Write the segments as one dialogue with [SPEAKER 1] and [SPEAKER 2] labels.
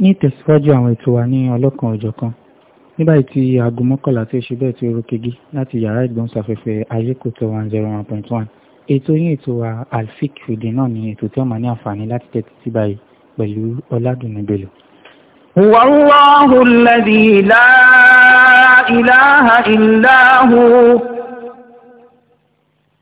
[SPEAKER 1] ní ìtẹ̀síwájú àwọn ètò wa ní ọlọ́kan òjọ̀kan nígbà tí aago mọ́kànlá tí ó ṣe bẹ́ẹ̀ tí
[SPEAKER 2] ó rókegi láti yàrá ìgbóhùnsáfẹ́fẹ́ ayékòtò one zero one point one ètò yín ètò wa alfik fìdí náà ni ètò tí ó máa ní àǹfààní láti tẹ́tí sí báyìí pẹ̀lú ọládùnní bello.
[SPEAKER 3] wàhùn láhùn lẹ́dí láà ìlàhà ìlàhùn.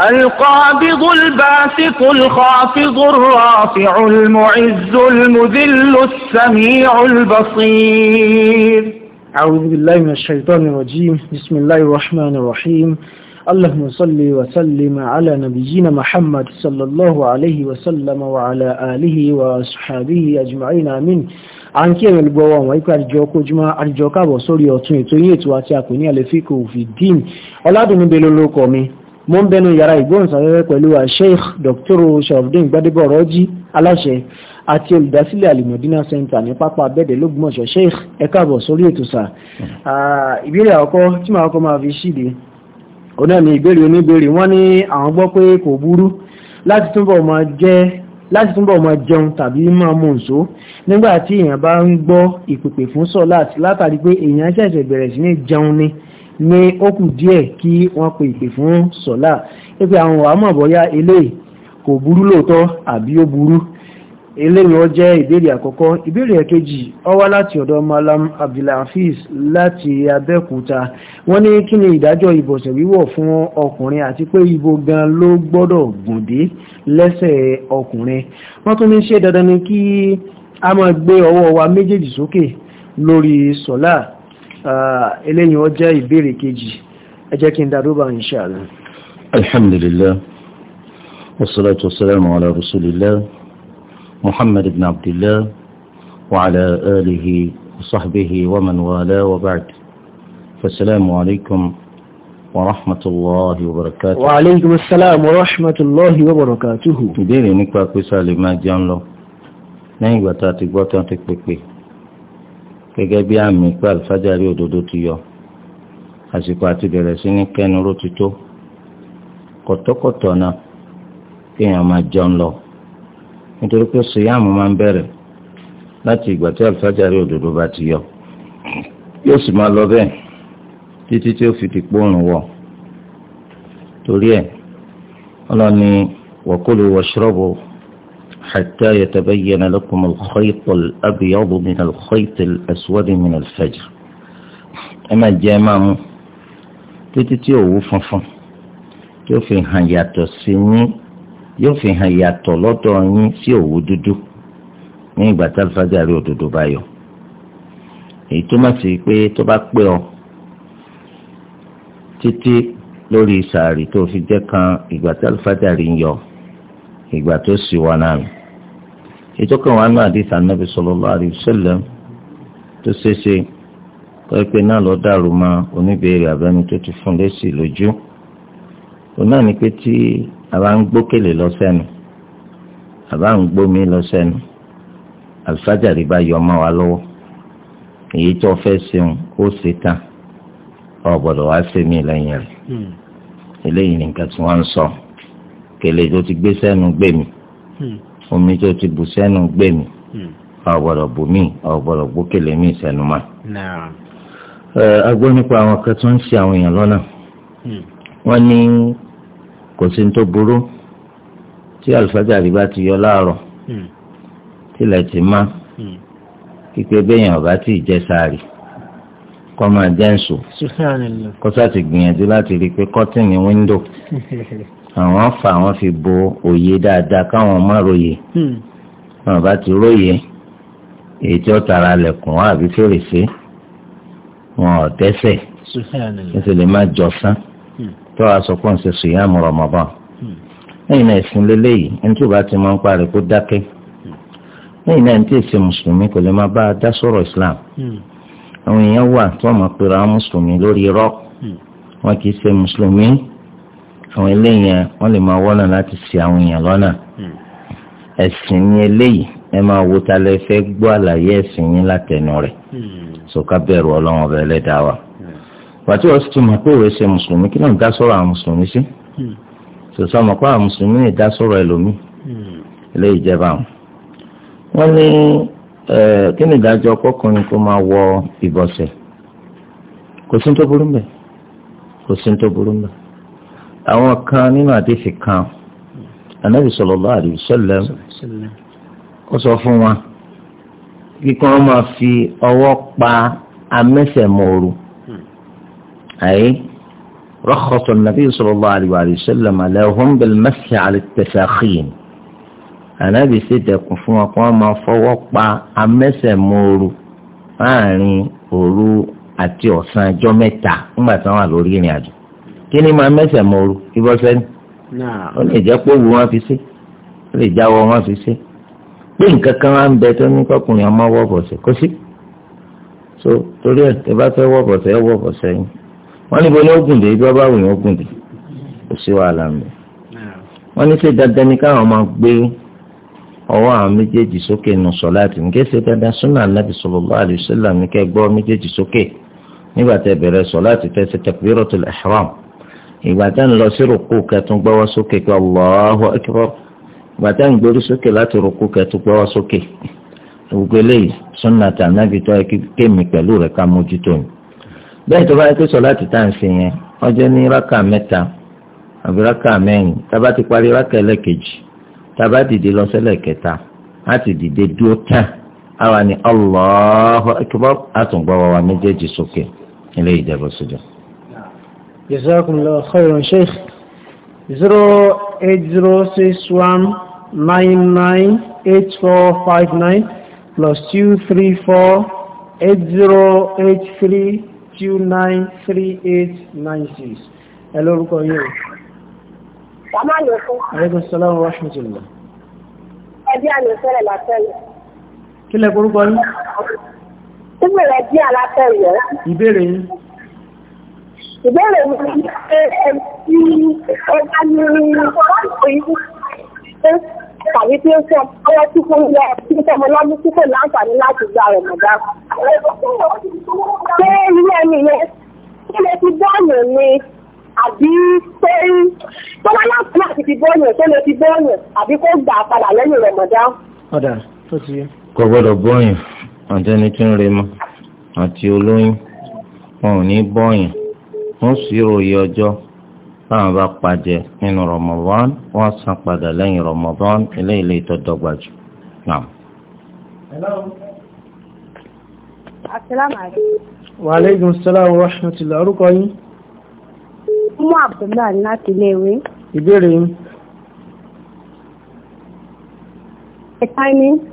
[SPEAKER 3] القابض الباسط الخافض الرافع المعز المذل السميع البصير أعوذ
[SPEAKER 1] بالله من الشيطان الرجيم بسم الله الرحمن الرحيم اللهم صل وسلم على نبينا محمد صلى الله عليه وسلم وعلى آله وصحبه أجمعين آمين a ń kí ẹ̀yìn olùgbọ́wọ́ wọn ikú àdìjọ ọkọ̀ ojúmọ́ àdìjọ káàbọ̀ sórí ọ̀tún ètò yìí ètò àti àpò mo ń bẹnu yàrá ìgbóhùnsáfẹ́fẹ́ pẹ̀lú sheikh dr sharafdin gbadebo ọ̀rọ̀jì aláṣẹ àti olùdásílẹ̀ alimọ̀dínà center ní pápá abẹ́dẹ̀ lógúnmọ̀ṣọ́ sheikh ẹ káàbọ̀ sórí ètò sà ìbéèrè àkọ́kọ́ tí màá kọ́ máa fi ṣíde òun ni ìbéèrè oníbéèrè wọ́n ní àwọn gbọ́ pé kò burú láti túnbọ̀ máa jẹ́ láti túnbọ̀ máa jẹun tàbí máa mú nso nígbà tí èèyàn bá ń gbọ́ ìpèpè fún sọ́láàtì látàrí pé èèyàn ṣẹ̀ṣẹ̀ bẹ̀rẹ̀ sí ní jẹun ni ní ó kù díẹ̀ kí wọ́n pe ìpè fún sọ́lá pé àwọn àmọ́ bọ́yá eléyìí kò burú lóòótọ́ àbí ó burú eléyìí ó jẹ́ ìbéèrè àkọ́kọ́ ìbéèrè ẹ̀kejì ó wá láti ọ̀dọ̀ malam abdulhafiz láti abẹ́òkúta wọ́n ní kí ni ìdájọ́ ìbọ̀sẹ̀ wíwọ̀ fún ọkùnrin àti pé ibo gan ló gbọ́dọ̀ gùndé lẹ́sẹ̀ ọkùnrin wọ́n tún ní ṣe dandan ni kí a máa gbé ọwọ́ wa méjèèjì sókè lórí sọ́lá الحمد
[SPEAKER 2] لله والصلاة والسلام على رسول الله محمد بن عبد الله وعلى آله وصحبه ومن والاه وبعد فالسلام عليكم ورحمة الله وبركاته وعليكم السلام ورحمة الله وبركاته ديني نكوى كوسالي ما جانلو نين قطعتي قطعتي قطعتي قطعتي gẹ́gẹ́ bí àmì pé àlùfájàrí òdodo ti yọ àsìkò àti bẹ̀rẹ̀ sí ní kẹnu ró ti tó kọ̀tọ́kọ̀tọ̀ náà kéèyàn máa jẹun lọ nítorí pé sèyáàmù máa ń bẹ̀rẹ̀ láti ìgbà tí àlùfájàrí òdodo bá ti yọ yóò sì máa lọ bẹ́ẹ̀ títí tí ó fi ti pòrùn wọ̀ torí ẹ̀ ọlọ́ni wọ́kúlù wọ́ṣọ́rọ́bù حتى يتبين لكم الخيط الأبيض من الخيط الأسود من الفجر أما الجمام تتتيو فنفن yóò fi hàn yàtọ̀ sí yín yóò fi hàn yàtọ̀ lọ́dọ̀ yín sí òwú dúdú ní ìgbà tá alifájàre òdodo bá yọ èyí túmọ̀ sí pé tó bá pé ọ títí lórí sàárì tó fi jẹ́ kan ìgbà tá alifájàre ń yọ ìgbà tó sì wà náà ìtọ́kàn wa náà àdìsí ànábì sallallahu alaihi wasallam tó ṣeéṣe kọ́ pé náà lọ dàrú ma oníbèrè àbẹ́ni tó ti fún lẹ́sì lójú òun náà ni pé tí àbá ń gbókèlè lọ sẹ́nu àbá ń gbómi lọ sẹ́nu àlùfájàrí bá yọ ọmọ wa lọ́wọ́ èyí tó fẹ́ ṣeun ó ṣe tán ọ̀gbọ̀dọ̀ wá ṣe mí lẹ́yìn rẹ̀ hmm. eléyìí nìkan tí wọ́n ń sọ kèlè tó ti gbé sẹ́nu gbé mi. Hmm omi tó ti bù sẹ́nu gbé mi ọ̀gbọ̀dọ̀ hmm. bù mí ọ̀gbọ̀dọ̀ gbókèlè mí sẹ́nu mà. a gbọ́ nípa àwọn kan tó ń ṣe àwọn èèyàn lọ́nà hmm. wọ́n ní kò sí tó burú tí àlùfáàjì bá ti yọ láàárọ̀ hmm. tilẹ̀ ti má kíkẹ́ bẹ́yìn ọ̀bá tí ì jẹ́ sáàrì kọ́ máa jẹ́ ń sùn kó ti gbìyànjú láti rí i pé kọ́tìnì wíńdò àwọn fà wọn fi bo òye dáadáa káwọn má róye hmm. wọn bá ti róye èyí tí ó tara lẹ̀kùn wọn àbí fèrèsé wọn ò tẹ́sẹ̀ ó sì lè má jọsán hmm. tó a sọ pé ń ṣe sùyàmù Ramadan hmm. lẹ́yìn náà ẹ̀sìn lélẹ́yìí ẹni tí ò bá ti máa ń parí kó dákẹ́ lẹ́yìn náà ẹni tí èsì mùsùlùmí kò lè máa bá a dá sọ̀rọ̀ Islam àwọn èèyàn wà tí wọ́n máa pera àwọn mùsùlùmí lórí irọ́ wọn kì í ṣe mùsùlùmí àwọn eléyìí wọ́n lè máa wọ́nà láti ṣe àwọn èèyàn lọ́nà hmm. ẹ̀sìn ni eléyìí ẹ máa wo ta lẹ fẹ́ gbọ́ àlàyé ẹ̀sìn yín látẹnu rẹ̀ hmm. sọ̀ká bẹ̀rù ọlọ́run ọ̀bẹ ẹlẹ́dàá wa pàtó ọ̀sùn tó mọ̀ pé òwe ṣe mùsùlùmí kí náà dá sọ̀rọ̀ àwọn mùsùlùmí sí hmm. sọ̀sọ́ mọ̀ pé àwọn mùsùlùmí lè dá sọ̀rọ̀ ẹlòmíì eléyìí jẹba àwọn. wọ́n ní kí ni ìdájọ́ ọkọ̀kùnrin kó máa wọ ìbọ̀sẹ̀ kò sí ní tó burú mbẹ̀ kò sí ní tó burú mbẹ̀ àwọn kan nínú àdéhìí kan anabi sallallahu alaihi wasallam ó sọ fún wa kíkọ́ wọn máa fi ọwọ́ pa amẹ́sẹ̀mọ́ru àyè رخص النبي صلى الله عليه وآله وسلم لهم بالمسح على التساخين Ànábì ṣèdẹ̀kùn fún wọn kí wọ́n máa fọwọ́ pa amẹ́sẹ̀móoru láàrin òru àti ọ̀sán ọjọ́ mẹ́ta nígbà tí wọ́n wà lórí ìrìn àjò kí ni máa mẹ́sẹ̀ mọ́ru kí bọ́ sẹ́ni ó lè jẹ́ pé òwú wọn fi sí ó lè jáwọ́ wọn fi sí pé nǹkan kan wá ń bẹ tó ní kọkùnrin ọmọ wọ bọ̀sẹ̀ kó sí so torí ẹ̀ tẹ́ bá fẹ́ wọ bọ̀sẹ̀ ẹ wọ bọ̀sẹ̀ yín wọ́n níbo ni ó gùn dé bí wọ́n bá wù yín ó gùn dé kò sí wàhálà mi wọ́n ní ṣe dandan ni káwọn máa gbé ọwọ́ àwọn méjèèjì sókè nù sọ̀láàtì ní kéṣe dandan súnà anábì sallallahu alaihi ìgbà ń lọ sí rùkú kẹtùn gbọ́wọ́ sókè kí Allahu akbar ìgbà ń gbórí sókè láti rùkú kẹtùn gbọ́wọ́ sókè gbogbo eléyìí sunna tà nábì tó kémi pẹ̀lú rẹ̀ ká mójútó ni. bẹ́ẹ̀ tó bá yẹ yẹn wọ́n jẹ́ ní rákà mẹ́ta àbí rákà mẹ́rin tábà ti parí rákà
[SPEAKER 1] جزاكم Jazakumullah khairan Sheikh 08061998459 plus 234 8083 293896. Ẹ lórúkọ yìí.
[SPEAKER 4] Sàmánìkú.
[SPEAKER 1] Àrẹ́gùn Sàlámù Rashmatulla.
[SPEAKER 4] Ẹbí àmì ìfẹ́rẹ̀ látẹ́lẹ̀.
[SPEAKER 3] Kí lẹ korúkọ yín?
[SPEAKER 4] Ìbéèrè jí alátẹ́lẹ̀. Ìbéèrè yín ìbéèrè mi ni pé ẹbí ọba ní ọ̀pọ̀ tàbí tí ó sọ ọwọ́ tí kò yẹ kí sọmọ lọ́dún tí kò láǹfààní láti gba rẹ̀ mọ̀dá. ṣé ilé ẹni yẹn kí lè fi bọ́ọ̀nù ni àbí pé tó bá láǹfààní láti fi bọ́ọ̀nù tó lè fi bọ́ọ̀nù àbí kó gbà padà lẹ́yìn rẹ̀ mọ̀dá.
[SPEAKER 5] ọ̀dà tó ti yẹ.
[SPEAKER 2] kò gbọ́dọ̀ bọ́ọ̀yìn àti ẹni tí ń remọ àti olóyún wọn ò ní bọ́ọ̀yìn. wọ́n sì ròyìn ọjọ́ táwọn bá pàjẹ́ nínú Ramadan wọ́n san padà lẹ́yìn Ramadan eléyìí lè tọ́jọ́ gbàjù. Wa alaikum
[SPEAKER 1] salaam wa rahmatullahi orúkọ yín.
[SPEAKER 4] Mú Abdullahi láti ilé Ìbéèrè yín.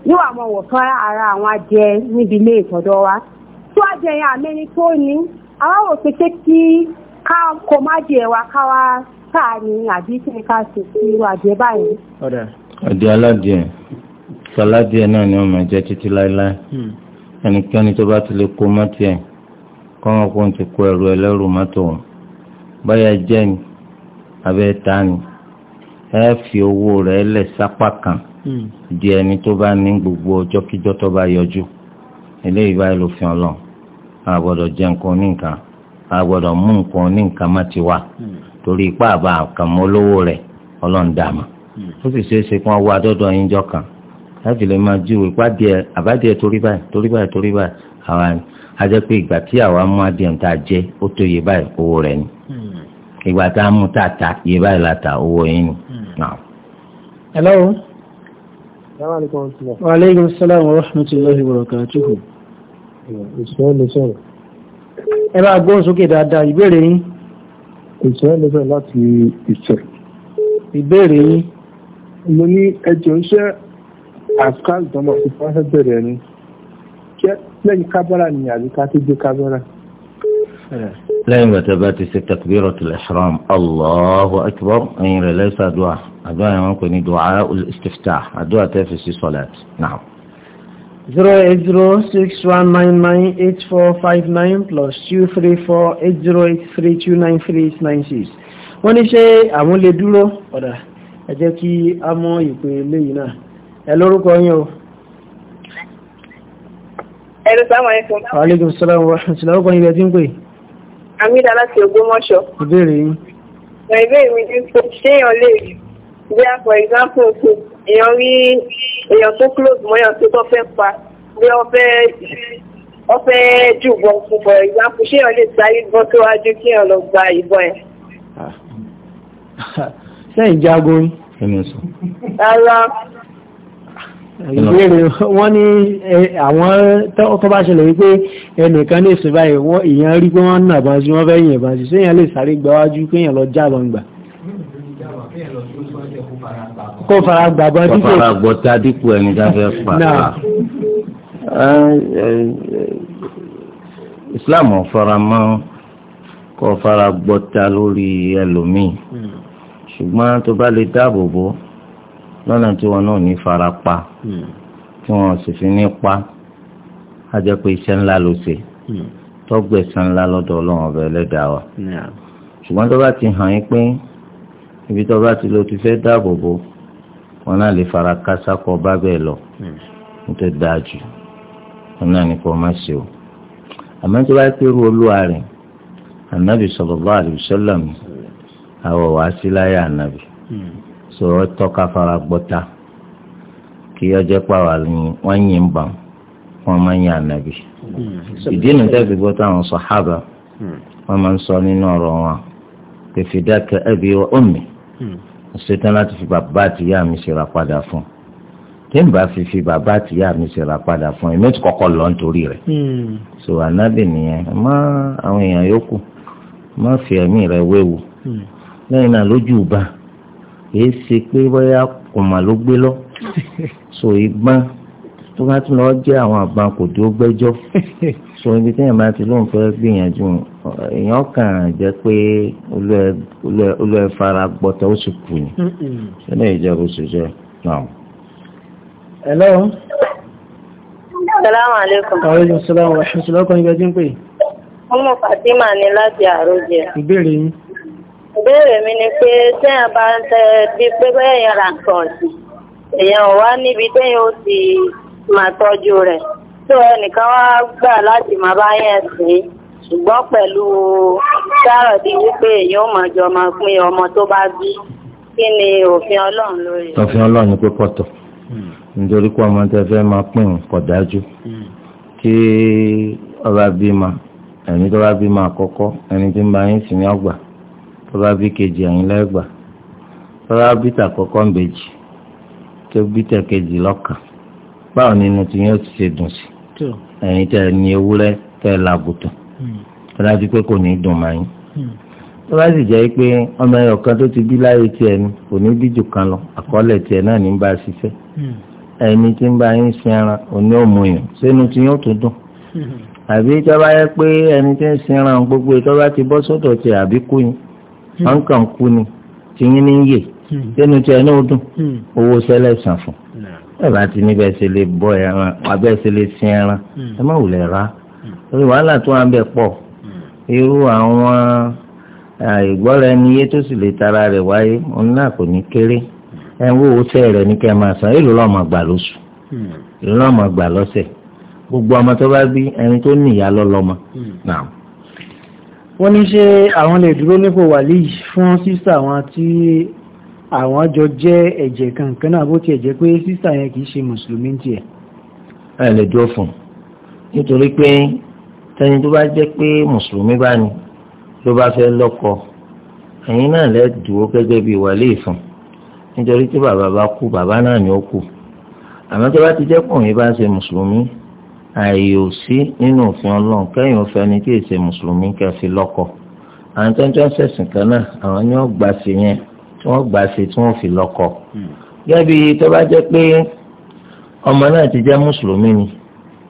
[SPEAKER 4] yóò ara àwọn ajẹ níbi ilé ìtọ́jọ́ wa tó ajẹ yẹn àmẹ́ni tó ní aláwọ̀ ká kò má jẹ ẹ̀wà káwá sáàrin àbí tí ká sì sí irú àjẹ báyìí.
[SPEAKER 2] ọ̀dẹ̀ aládìẹ sàládìẹ náà ni ọmọ ẹ̀jẹ̀ títí láéláé hmm. ẹnikẹ́ni tó bá ti lè kó mọ́tì ẹ̀ kọ́mọ kó ń ti kó ẹrù ẹlẹ́rù mọ́tò wọn báyà jẹ́ ni abẹ́ ta ni ẹ fi owó rẹ̀ lẹ̀ sápá kan hmm. di ẹni tó bá ní gbogbo ọjọ́kíjọ́ tó bá yọjú eléyìí báyìí ló fi hàn lọ àbọ̀dọ̀ jẹ́ nǹkan a gbọ́dọ̀ mú nǹkan ní nǹkan má ti wá torí ipá àbá nǹkan mọ́ lówó rẹ̀ ọlọ́run dàmà hmm. ó sì ṣeé ṣe kí wọ́n wá dọ́dọ̀ yín jọ kan láti lè máa ju ipá díẹ̀ àbádìẹ torí báyìí torí báyìí torí báyìí àwa ni a jẹ́ pé ìgbà tí àwa mú adìẹ ń ta jẹ ó tó yẹ báyìí owó rẹ̀ ni hmm. ìgbà tá a mú tá a ta yẹ báyìí la owó yín ni. Hmm. hello. wa aleykum
[SPEAKER 1] salaam wa rahmatulahi wa barakatuhu. ìṣòro lè sọ̀rọ̀ ẹ bá gbóhùn sókè dáadáa ìbéèrè yín. ìṣẹ́ lẹ́fẹ̀ láti ìṣẹ̀. ìbéèrè yín. mo ní ẹjọ́ iṣẹ́ àkáǹtì ọmọ ìfọwọ́sẹ̀ bẹ̀rẹ̀ ni kí lẹ́yìn kábàrà ni àbíká tó gbé kábàrà.
[SPEAKER 2] lẹ́yìn bàtà bá ti ṣe takbiratul ihram allahu akbar ẹ̀yin rẹ̀ lẹ́sà àdúrà yẹn wọn kò ní dùà al àdúrà tẹ́ fi sí sọ̀lẹ́t náà.
[SPEAKER 1] Zero zero eight eight six one nine nine four five nine plus two three three four eight eight zero 2348083293896 wọ́n ní ṣe àwọn lè dúró ọ̀dà ẹ jẹ́ kí a mọ̀ ìpè léyìí náà ẹ lórúkọ yín o
[SPEAKER 4] Ẹ̀rọ sáwọn ẹ̀fọ́.
[SPEAKER 1] Àlejò sọ́lá wa ṣùlá ó kọ́ ibẹ̀ tí ń pè.
[SPEAKER 4] Amídà láti Ògbómọ̀ṣọ́. Ìbéèrè yín. Ìbéèrè mi ni pé ṣé èèyàn lè rí bí a for example èèyàn rí èèyàn tó close mọ́ èèyàn tó tó fẹ́ pa bí wọ́n fẹ́ wọ́n fẹ́ jù bọ́ fún for example ṣé èèyàn lè sáré bọ́ síwájú kí èèyàn lọ gba ìbọn ẹ̀.
[SPEAKER 1] Ah. sẹ́yìn jagun
[SPEAKER 3] yín. rárá
[SPEAKER 1] ìbéèrè wọ́n ní àwọn tó bá ṣẹlẹ̀ wípé ẹnìkan lè sìn báyìí ìyẹn rí pé wọ́n nà bá sí wọ́n fẹ́ yìnbọn sí séèyàn lè sáré gbáwájú kéèyàn lọ já lọ gbà
[SPEAKER 2] kó fara gbàgbọ́ dípò kó fara gbọ́ta dípò ẹni tá a fẹ́ pa á. Islam ò fara mọ́ kó fara gbọ́ta lórí ẹlòmíì ṣùgbọ́n tó bá lè dáàbò bò lọ́nà tí wọn náà ní fara pa tí wọn sì fi ní pa á jẹ́ pé iṣẹ́ ńlá ló ṣe tọ́gbẹ̀sán ńlá lọ́dọ̀ ọlọ́run ọbẹ̀ ẹlẹ́dàá wa ṣùgbọ́n tó bá ti hàn yín pé ibi tó bá ti lo ti fẹ́ dáàbò bò. wọn náà lè fara kásá kọ bá lọ nítorí hmm. dáa jù wọn náà ní kó má ṣe o àmọ́ tó bá pé olúwa rẹ̀ ànábì sallallahu alaihi wasallam àwọ̀ sí láyé ànábì hmm. sọ̀rọ̀ tọ́ka fara kí ni yìn bàn máa hmm. ìdí nu máa ń sọ nínú ṣetán láti fi bàbá àtìyá mi ṣera padà fún tí n bá fi fi bàbá àtìyá mi ṣera padà fún ẹ méjì kọ́kọ́ lọ nítorí rẹ̀ hmm. so ànábì nìyẹn má àwọn èèyàn yòókù má fi ẹ̀mí rẹ̀ wéwu hmm. lẹ́yìn náà lójú ìbá èé ṣe pé bóyá kùmà ló gbé lọ so ìbọn tó bá tún lọ jẹ́ àwọn àbá kò tó gbẹ́jọ́ so ibi tí èèyàn bá ti lóun fẹ́ gbìyànjú èèyàn kàn jẹ́ pé olú ẹ fara gbọ́tọ̀ ó sì kù ní ṣẹlẹ̀ ìjẹ́bù ṣiṣẹ́ náà. hello.
[SPEAKER 4] salaamu aleykum.
[SPEAKER 1] àwọn ẹ̀yọ́
[SPEAKER 2] salaamu aleykum ṣùgbọ́n kan ibẹ̀ tí ń pè.
[SPEAKER 4] ọmọ Fatima ni láti àròjẹ. ìbéèrè yín. ìbéèrè mi ni pé sẹ́yìn bá ń tẹ bí pé bẹ́ẹ̀ yẹn ra nǹkan ọ̀sìn èèyàn wá níbi téèyàn ó ti máa tọ́jú rẹ̀ tó ẹnìkan wá gbà láti máa bá yẹn sí ṣùgbọ́n pẹ̀lú sáròdì wípé èyí ó máa jọ máa pín ọmọ tó bá bí kí ni òfin ọlọ́run lórí. òfin ọlọ́run ni
[SPEAKER 2] pé pọ̀tọ̀ hmm. nítorí pé ọmọ tẹ fẹ́ máa pín kò dájú hmm. kí ọba bímọ ẹni tó bá bímọ àkọ́kọ́ ẹni tí ń bá yín sí ní ọgbà tó bá bí kejì ẹ̀yìn lẹ́gbàá tó bá bí tàkọ́kọ́ ń bèjì tó bí tẹ̀kejì lọ́kàn báwo nínú tí yóò ti ṣe dùn sí ẹ̀yin tẹ́ ẹ ní ewúrẹ́ tẹ́ ẹ làgùtàn hmm. tó dájú pé kò ní dùn máa yín hmm. tó bá sì jẹ́ pé ọmọ ẹyọ kan tó ti bí láyé tiẹ̀ ni kò ní bí kan lọ àkọọ́lẹ̀ tiẹ̀ náà ní bá a ṣiṣẹ́ hmm. ẹni tí ń bá yín sin ara òní òmùyàn sínú tí yóò tún dùn àbí tó bá yẹ pé ẹni tí ń sin ara gbogbo tó bá ti bọ́ sọ́dọ̀ tiẹ̀ àbí kú yín ọ̀nkàn kú ni tìyín ní yè sínú tiẹ̀ náà dùn owó sẹ́lẹ̀ sàn fún bàbá ti níbẹ̀ ṣe lè bọ ẹran abẹ́ ṣe lè sin ẹran hmm. ẹ má wulẹ̀ rà hmm. torí wàhálà tó wà ń bẹ pọ̀ hmm. irú àwọn ìgbọ́ra ẹni yé tó sì lè tara rẹ̀ wáyé òun náà kò ní kéré ẹ ń wo oṣẹ́ rẹ̀ ní kẹ́ ẹ máa san èlò lọ́mọ gbà lóṣù èlò lọ́mọ gbà lọ́sẹ̀ gbogbo ọmọ tó bá bí ẹni tó níyà lọ́lọ́mọ wọ́n ní ṣé àwọn lè dúró nípò wàlíì fún sísà wọn tí
[SPEAKER 1] àwọn jọ jẹ́ ẹ̀jẹ̀ kankan náà bó ti ẹ̀jẹ̀ pé sísà yẹn kìí ṣe mùsùlùmí tiẹ̀.
[SPEAKER 2] ẹ lè dúró fún un nítorí pé tẹni tó bá jẹ́ pé mùsùlùmí bá ní ló bá fẹ́ lọ́kọ ẹ̀yin náà lè dúró gẹ́gẹ́ bíi wàlẹ́ ìfún nítorí tí bàbá bá kú bàbá náà ni ó kù àmọ́ tó bá ti jẹ́ pọ̀ yín bá ṣe mùsùlùmí ààyè ò sí nínú òfin ọlọ́run kẹ́yìn òfin ẹni tí èsè mùsùlùmí kẹfì lọ́kọ àwọn tó ń jọ sẹ̀sìn kan náà àwọn ni gbà sí yẹn tí wọ́n gbà ṣe tí wọ́n fi lọ́kọ. Hmm. gẹ́bí tó bá jẹ́ pé ọmọ náà ti jẹ́ mùsùlùmí ni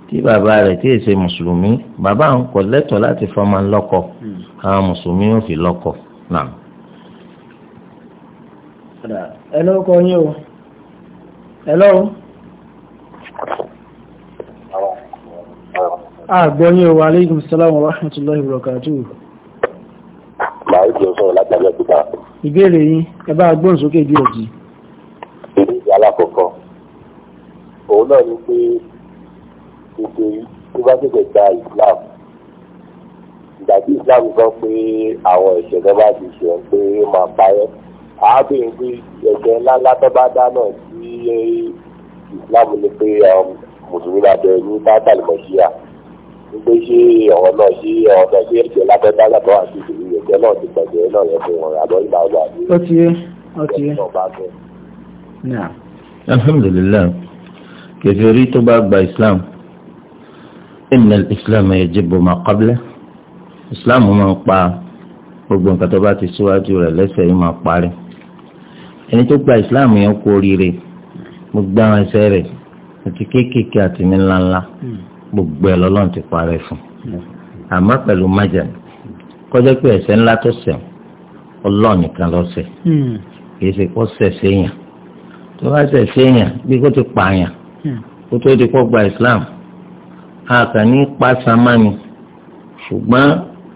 [SPEAKER 2] tí bàbá rẹ̀ tí èsè mùsùlùmí bàbá àwọn kò lẹ́tọ̀ọ́ láti fọmọ lọ́kọ hmm. àwọn mùsùlùmí yóò fi lọ́kọ náà.
[SPEAKER 1] ẹ kọ yín o ẹ àgbọ̀nyẹ̀wò aleykum salaam wa rahmatulahi wa barakatuhu màá jẹ sọ̀rọ̀ látàgbẹ́ ìgbà. ìbéèrè yín ẹ bá gbọ́n sókè bí ọ̀jì. ìbéèrè alákọ̀ọ́kọ́ òun náà ni pé èdè tó bá tètè gba Islam ìgbà tí Islam sọ pé àwọn ẹ̀ṣẹ̀ tó bá ti ṣe pé ó máa parẹ́ àábẹ̀yìn pé ẹ̀ṣẹ̀ ńlá ńlá tó bá dá náà sí Islam ni pé um, mùsùlùmí àti ẹ̀yìn tá gbé ṣé ọ̀rọ̀ náà ṣé ọ̀rọ̀ náà ṣé ẹ̀jẹ̀ lábẹ́bá lábọ́ àti ìṣèlú ẹ̀jẹ̀ náà ti pẹ̀jẹ̀ náà yẹ fún wọn àbọ̀ ìgbà wà ní. ó ti yé ó ti yé.
[SPEAKER 2] alhamdulilayi kẹfẹ́rí tó bá gba islam inna islam yajibu ma qabla islam máa ń pa gbogbo nǹkan tó bá ti síwájú rẹ̀ lẹ́sẹ̀ yìí máa parí ẹni tó gba islam yẹn kú oríire gbogbo àwọn ẹsẹ̀ rẹ̀ àti kéékèèké àti ní ńláńlá. Mm gbogbo ẹ̀ lọ́lọ́run ti parẹ́ fún àmọ́ pẹ̀lú májà kọjá pé ẹ̀ṣẹ̀ ńlá tó ṣẹ̀ ọlọ́run nìkan ló ṣẹ̀ hmm. kì í ṣe kó ṣẹ̀ séèyàn tó bá ṣẹ̀ séèyàn bí kò ti pààyàn hmm. kó tó di kó gba Islam a kàn ní pàṣámánì ṣùgbọ́n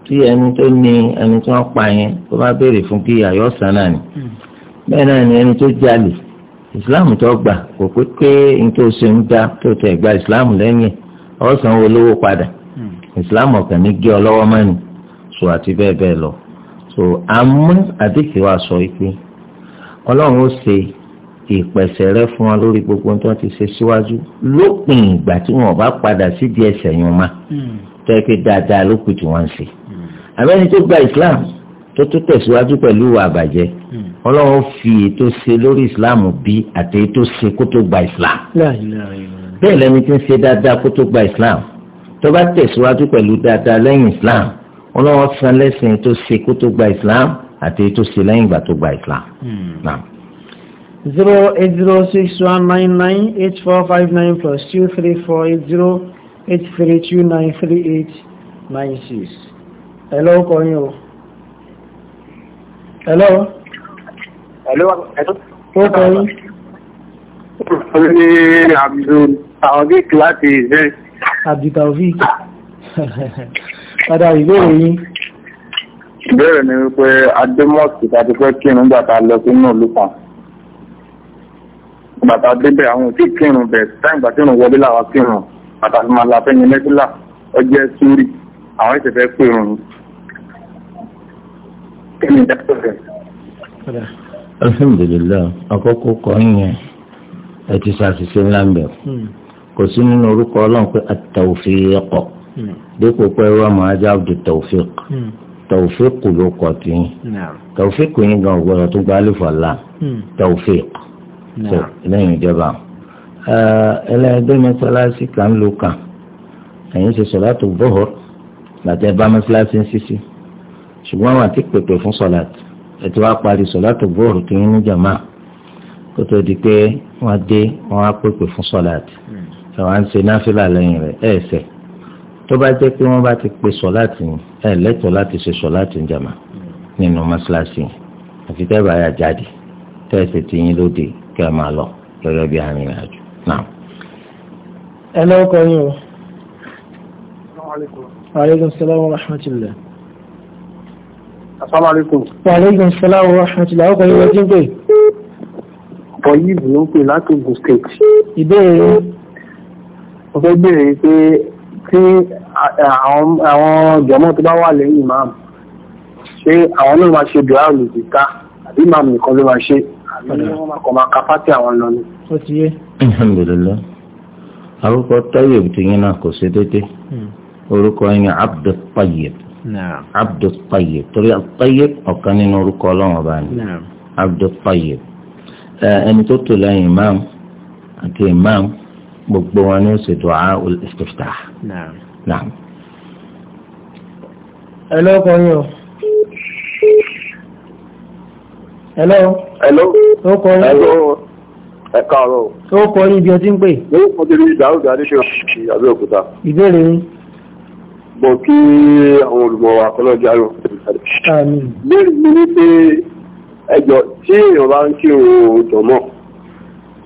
[SPEAKER 2] tí ẹni tó ní ẹni tí wọ́n pa yẹn tó bá béèrè fún kí ayọ̀ sàn náà ni hmm. bẹ́ẹ̀ náà ni ẹni tó jalè islam tó gbà kò pé pé nítorí o ṣe ń dá tó tẹ̀ gba islam lẹ́yìn ọ̀sán olówó padà hmm. islam ọ̀kàn ní gé ọlọ́wọ́ mọ́ni so àti bẹ́ẹ̀ bẹ́ẹ̀ lọ so àmọ́ àdìsí wa sọ pé ọlọ́run ó ṣe ìpẹ̀sẹ̀ rẹ fún wa lórí gbogbo tó ti ṣe síwájú lópin ìgbà tí wọn bá padà sídìí ẹsẹ̀ yẹn ma hmm. tó yẹ pé dáadáa ló kù tí wọ́n ń ṣe hmm. àbẹ́ni tó gba islam tó tó tẹ̀síwájú pẹ̀lú ìwà àbàjẹ́ ọlọ́run fi ètò ṣe lórí islam bí àti ètò ṣe kó tó gba islam bẹ́ẹ̀ lẹ́ni tí ń ṣe dáadáa kó tó gba islam tó bá tẹ̀síwájú pẹ̀lú dáadáa lẹ́yìn islam ọlọ́wọ́ san lẹ́sìn tó ṣe kó tó gba islam àti tó ṣe lẹ́yìn ìgbà tó gba islam. Hmm.
[SPEAKER 1] zero eight zero six one nine nine eight four five nine plus two three four eight zero eight three two nine three eight nine six. hello kọ́ yín o. hello. hello. hello. ó kọ́ yín. Olúni Taofik láti ìṣẹ́. Àbí Taofik. Padà ìbéèrè yín. Ìbéèrè ni wípé Adémọ́sì tàbí fẹ́ kírun gbàtà lọ sínú ìlú kan. Bàtà débẹ̀ àwọn òtí kírun bẹ̀ táìmù bàtà ìrùn wọlé làwọn kírun. Bàtà fi máa la fẹ́ ní Mẹ́sílà, ó jẹ́ Súrì, àwọn ẹ̀sẹ̀ fẹ́ kírun. Kí ni ìdájọ́
[SPEAKER 5] rẹ̀?
[SPEAKER 2] Alhamdulillah, àkọ́kọ́ kọ́ yẹn, ẹ ti ṣàṣìṣe ńlá ń bẹ̀. Hmm kò sí nínú orúkọ ọlọ́run pé àtàwòfíìkọ̀ hmm. dípò pé ẹrú ọmọ ajá òde tàwòfíìkọ̀ hmm. tàwòfíìkù ló kọ̀ tí yín tàwòfíìkù yín gan ọ̀gbọ́dọ̀ tó gba àlùfọ̀lá tàwòfíìkù tó lẹ́yìn ìjọba ẹlẹ́dẹ́ mẹ́sàlásì kan ló kàn ẹ̀yìn ṣe sọ̀láàtù bọ́họ̀ làtẹ́ bá mẹ́sàlásì ń ṣíṣí ṣùgbọ́n àwọn àti pèpè fún sọ̀láàtù ẹ̀tí wàá tó di pé ẹ wá ń ṣe náfìlà lẹ́yìn rẹ̀ ẹ ẹsẹ̀ tó bá jẹ́ pé wọ́n bá ti pe sọ láti ẹ lẹ́tọ̀ọ́ láti ṣe sọ láti jàmà nínú mọ́ṣáláṣí àfi tẹ́ bá yà jáde tẹ́ ẹsẹ̀ ti yín lóde kẹ́ ẹ máa lọ lọ́dọ̀ bí arìnrìn àjò náà.
[SPEAKER 1] ẹ lọ́wọ́ kọ́ yín o. aleykum salaam wa rahmatulah. asalaamualeykum. wa salaam wa rahmatulah. ọkọ̀ yìí wọ́n ti ń pè. ọ̀pọ̀ yìí ló ń pè láti Ogun ìbéèrè mo fẹ́ béèrè pé tí àwọn jọmọ́ tó bá wà lẹ́yìn ìmáàmù ṣé àwọn náà máa ṣe dùá olùdíkà àbí ìmáàmù nìkan ló máa ṣe àbí wọ́n máa kọ̀ máa ka pátì àwọn lọ ni. ó ti yé.
[SPEAKER 2] alhamdulilayi arúgbó tayyib ti yín náà kò ṣe déédéé hmm. orúkọ yín ni abdul tayyib abdul tayyib torí tayyib ọ̀kan nínú orúkọ ọlọ́wọ́n bá ní abdul tayyib ẹni tó tò lẹ́yìn ìmáàmù àti ìmáàmù gbogbo wọn ní ṣe du'a al-istiftah. naam.
[SPEAKER 1] hello kọ́ni o. hello. hello. ó kọ́ni. hello ẹ káàárọ̀. ó kọ́ni ibi ọtí ń pè. lórí mo ti rí ìdáhùn ìdáhùn ṣe òṣìṣì Abẹ́òkúta. ìbéèrè mi. mo kí àwọn olùmọ̀ wa kọ́lọ́ járó. àmín. lórí mi ní ẹjọ́ tí èèyàn bá ń kírun jọ̀mọ́.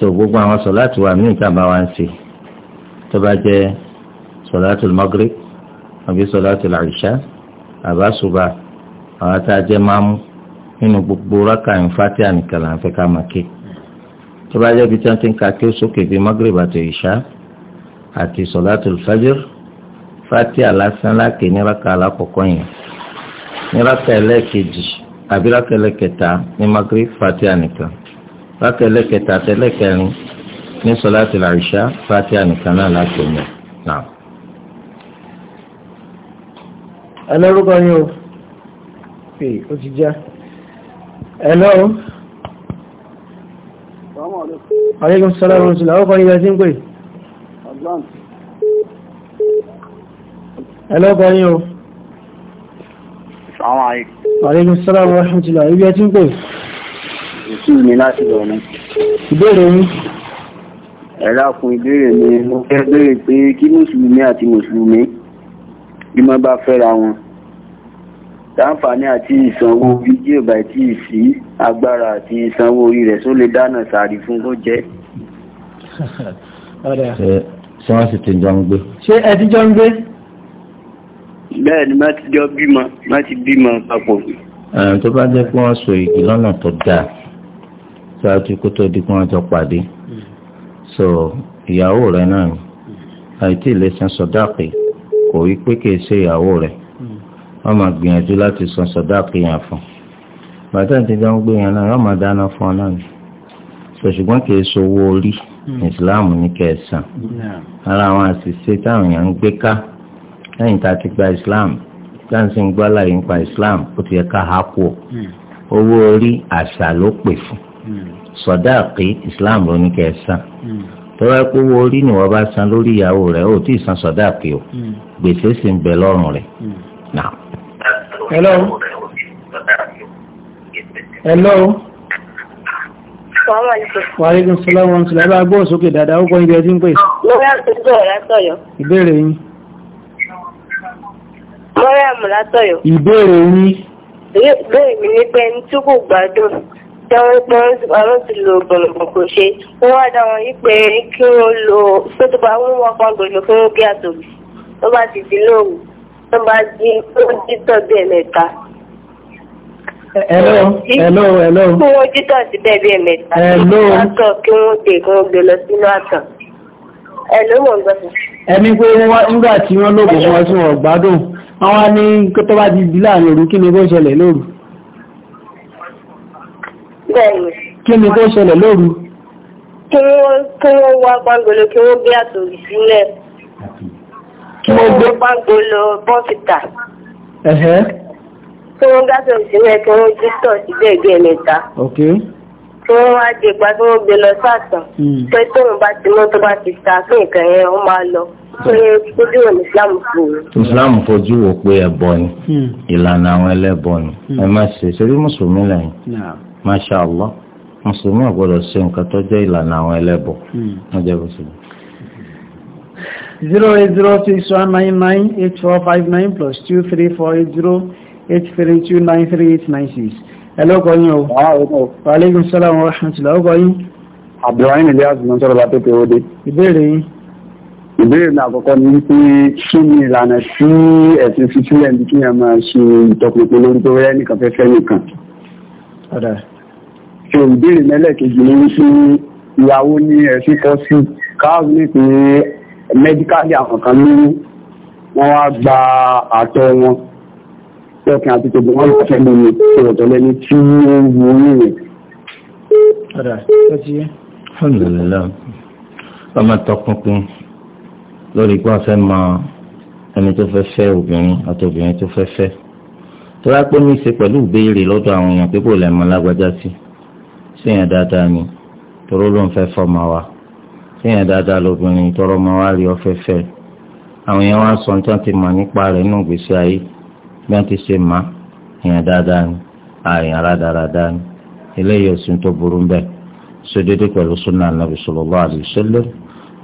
[SPEAKER 2] so gbogbo àwọn sọláàtì wa míì tá a bá wa ń ṣe tó bá jẹ́ sọláàtì magrib àbí sọláàtì làìṣá àbáṣubà àwọn tá a jẹ́ máàmú nínú gbogbo rákà ìfàtí ànìkàn là ń fẹ́ ká máa ké tó bá jẹ́ bí tí wọ́n ti ń ka kí ó sókè bí magrib àti ìṣá àti sọláàtì fajr fàtí àlásán láàkè ní rákà alákọ̀ọ́kọ́ yẹn ní rákà ẹlẹ́ẹ̀kejì àbí rákà ẹlẹ́ẹ̀kẹta ní magrib fàtí ànìkàn lákẹ̀lẹ́kẹta àtẹlẹ́kẹrin ní sọláàtì làrìṣà fàtíà nìkan náà láti ọ̀nà náà.
[SPEAKER 1] ẹ̀lọ́ orúkọ yín o pé ó ti já ẹ̀lọ́ o. aleykum salaam wa rahmatulah ọkọ yín yẹn ti ń pè. ẹ̀lọ́ orúkọ yín o. aleykum salaam wa rahmatulah ibi ẹ ti Yusuf ní láti lọ ní. Ìbéèrè yín. Ẹ̀rá kun ìbéèrè mi, mo fẹ́ béèrè pé kí Mùsùlùmí àti Mùsùlùmí bí wọ́n bá fẹ́ra wọn. Táǹfààní àti ìsanwó fídíò bá tí ì sí agbára àti ìsanwó orí rẹ̀ tó lè dáná sàárì fún kó jẹ́.
[SPEAKER 2] Ṣé wọ́n sì ti jọ ń gbé?
[SPEAKER 1] Ṣé ẹ ti jọ ń gbé? bẹ́ẹ̀ ni má ti jọ bímọ má ti bímọ
[SPEAKER 2] papọ̀. tó bá jẹ́ pé wọ́n so igi lọ́nà tó dáa ṣáájú kó tó di kí wọ́n pàdé so ìyàwó rẹ̀ náà ni àìtí lè san sọdáàkì kò rí pé kìí ṣe ìyàwó rẹ̀ wọ́n máa gbìyànjú láti san sọdáàkì yẹn fún bàtà tí wọ́n gbé yẹn náà wọ́n máa dáná fún ọ náà ni so ṣùgbọ́n kìí ṣe owó orí islam ní kẹsàn ara àwọn àṣìṣe táwọn èèyàn ń gbé ká lẹ́yìn tá a ti gba islam dáǹsì ń gbọ́ láyé nípa islam ó ti yẹ ká há owó orí àṣà ló pè fún un sọdáàkì islam ló ní kẹ́ ẹ san tọ́wọ́ ẹ kówó orí ni wọ́n bá san lórí ìyàwó rẹ̀ ó tí san sọdáàkì o gbèsè sì ń bẹ lọ́rùn rẹ̀ hello.
[SPEAKER 1] hello. Wàhálẹ́gùn Sọlá wọn sílẹ̀ bá gbọ́ sókè dáadáa ó kọ́ ibi ẹjí ń pè.
[SPEAKER 4] Mọ́rẹ́ àmúlátọ̀yọ̀ látọ̀yọ̀. Ìbéèrè yín. Mọ́rẹ́ àmúlátọ̀yọ̀. Ìbéèrè yín. Ìbéèrè mi ni pé ẹni gbádùn tẹ́wọ́ pé ọlọ́run ti lo gbọ̀ngbọ̀n kò ṣe wọ́n wá dá wọn yìí pé kí wọ́n lo pé tó bá ń wọ́n kan gbòòrò fún kí àtòbí tó bá ti di lóru tó Hello, hello, hello. Kí wọ́n jí tọ́jú Hello. Látọ̀ kí wọ́n tè kí wọ́n gbé Hello, mò ń gbọ́.
[SPEAKER 1] Ẹni pé nígbà tí wọ́n lóògùn wọn tí wọ́n gbádùn, wọ́n wá ní kó tó bá ti di láàrin òru kí ni bó ṣẹlẹ̀ lóru. Kí ni tó ṣẹlẹ̀ lóru?
[SPEAKER 4] Kí wọ́n wá pangolo kí wọ́n gbé àtòrí sílẹ̀. Kí wọ́n gbé pangolo bọ́sìtà. Kí wọ́n gbé àtòrí sílẹ̀ kí wọ́n jí tọ̀ sí gbẹ̀gbẹ̀ mẹ́ta. Kí wọ́n wá dé ipa tí wọ́n gbé lọ sàtàn. Hmm. Pé tóun bá ti mọ́ tó bá ti ta fún nǹkan yẹn, ó máa lọ
[SPEAKER 5] hmm.
[SPEAKER 4] islam
[SPEAKER 2] fojú wò pé ẹbọ ni hmm. ìlànà àwọn ẹlẹ́bọ ni ẹ má ṣe ṣe bí mùsùlùmí
[SPEAKER 1] lẹ́yìn
[SPEAKER 2] masha allah mùsùlùmí ò gbọ́dọ̀ ṣe nǹkan tó jẹ́ ìlànà àwọn ẹlẹ́bọ hmm. wọn jẹ bó
[SPEAKER 1] zero eight zero six one nine nine eight four five nine plus two three four eight zero eight three two nine three eight nine six. ẹ ló kọ́ yín o. wa aleykum salaam wa rahmatulah ó kọ́ yín. abdulrahim ilé àtúntò sọ̀rọ̀ bá pépé ó dé. ìbéèrè yín ìbéèrè náà àkọ́kọ́ ní pé kí ni ìlànà sí ẹ̀sìn fífílẹ̀ ní kí a máa ṣe ìtọpinpin lórí tó rẹ́ nìkan fẹ́fẹ́ nìkan tó ìbéèrè mẹ́lẹ̀kejì ní wípé ìyàwó ní ẹ̀sìn kan sí káàbù ní pé mẹ́díkálì àwọn kan ní wọ́n wá gba àtọ̀ wọn tọkàn àti tòbí wọn lọ fẹ́ lómi tòròtọ̀ lẹ́ni tí ó ń wo orí rẹ̀.
[SPEAKER 2] alhamdulilayi ọmọ tọpinpin lórí pé wọ́n fẹ́ mọ ẹni tó fẹ́ fẹ́ obìnrin àti obìnrin tó fẹ́ fẹ́ tó pé ní í pẹ̀lú ìbéèrè lọ́dọ̀ àwọn èèyàn pé lẹ́mọ lágbájá sí séèyàn dáadáa ni tọrọ ló ń fẹ́ fọmọ wa séèyàn dáadáa lóbìnrin tọrọ ọmọ wa rí ọfẹ́ fẹ́ àwọn èèyàn wá sọ nítorí ti mọ̀ nípa rẹ̀ nínú ìgbésí ayé bí wọ́n ti ṣe mọ̀ èèyàn dáadáa ni àyàn aládàáradá ni eléyìí òsín tó burú ń bẹ̀ sódédé pẹ̀lú súnà nàbì sallallahu alaihi wasallam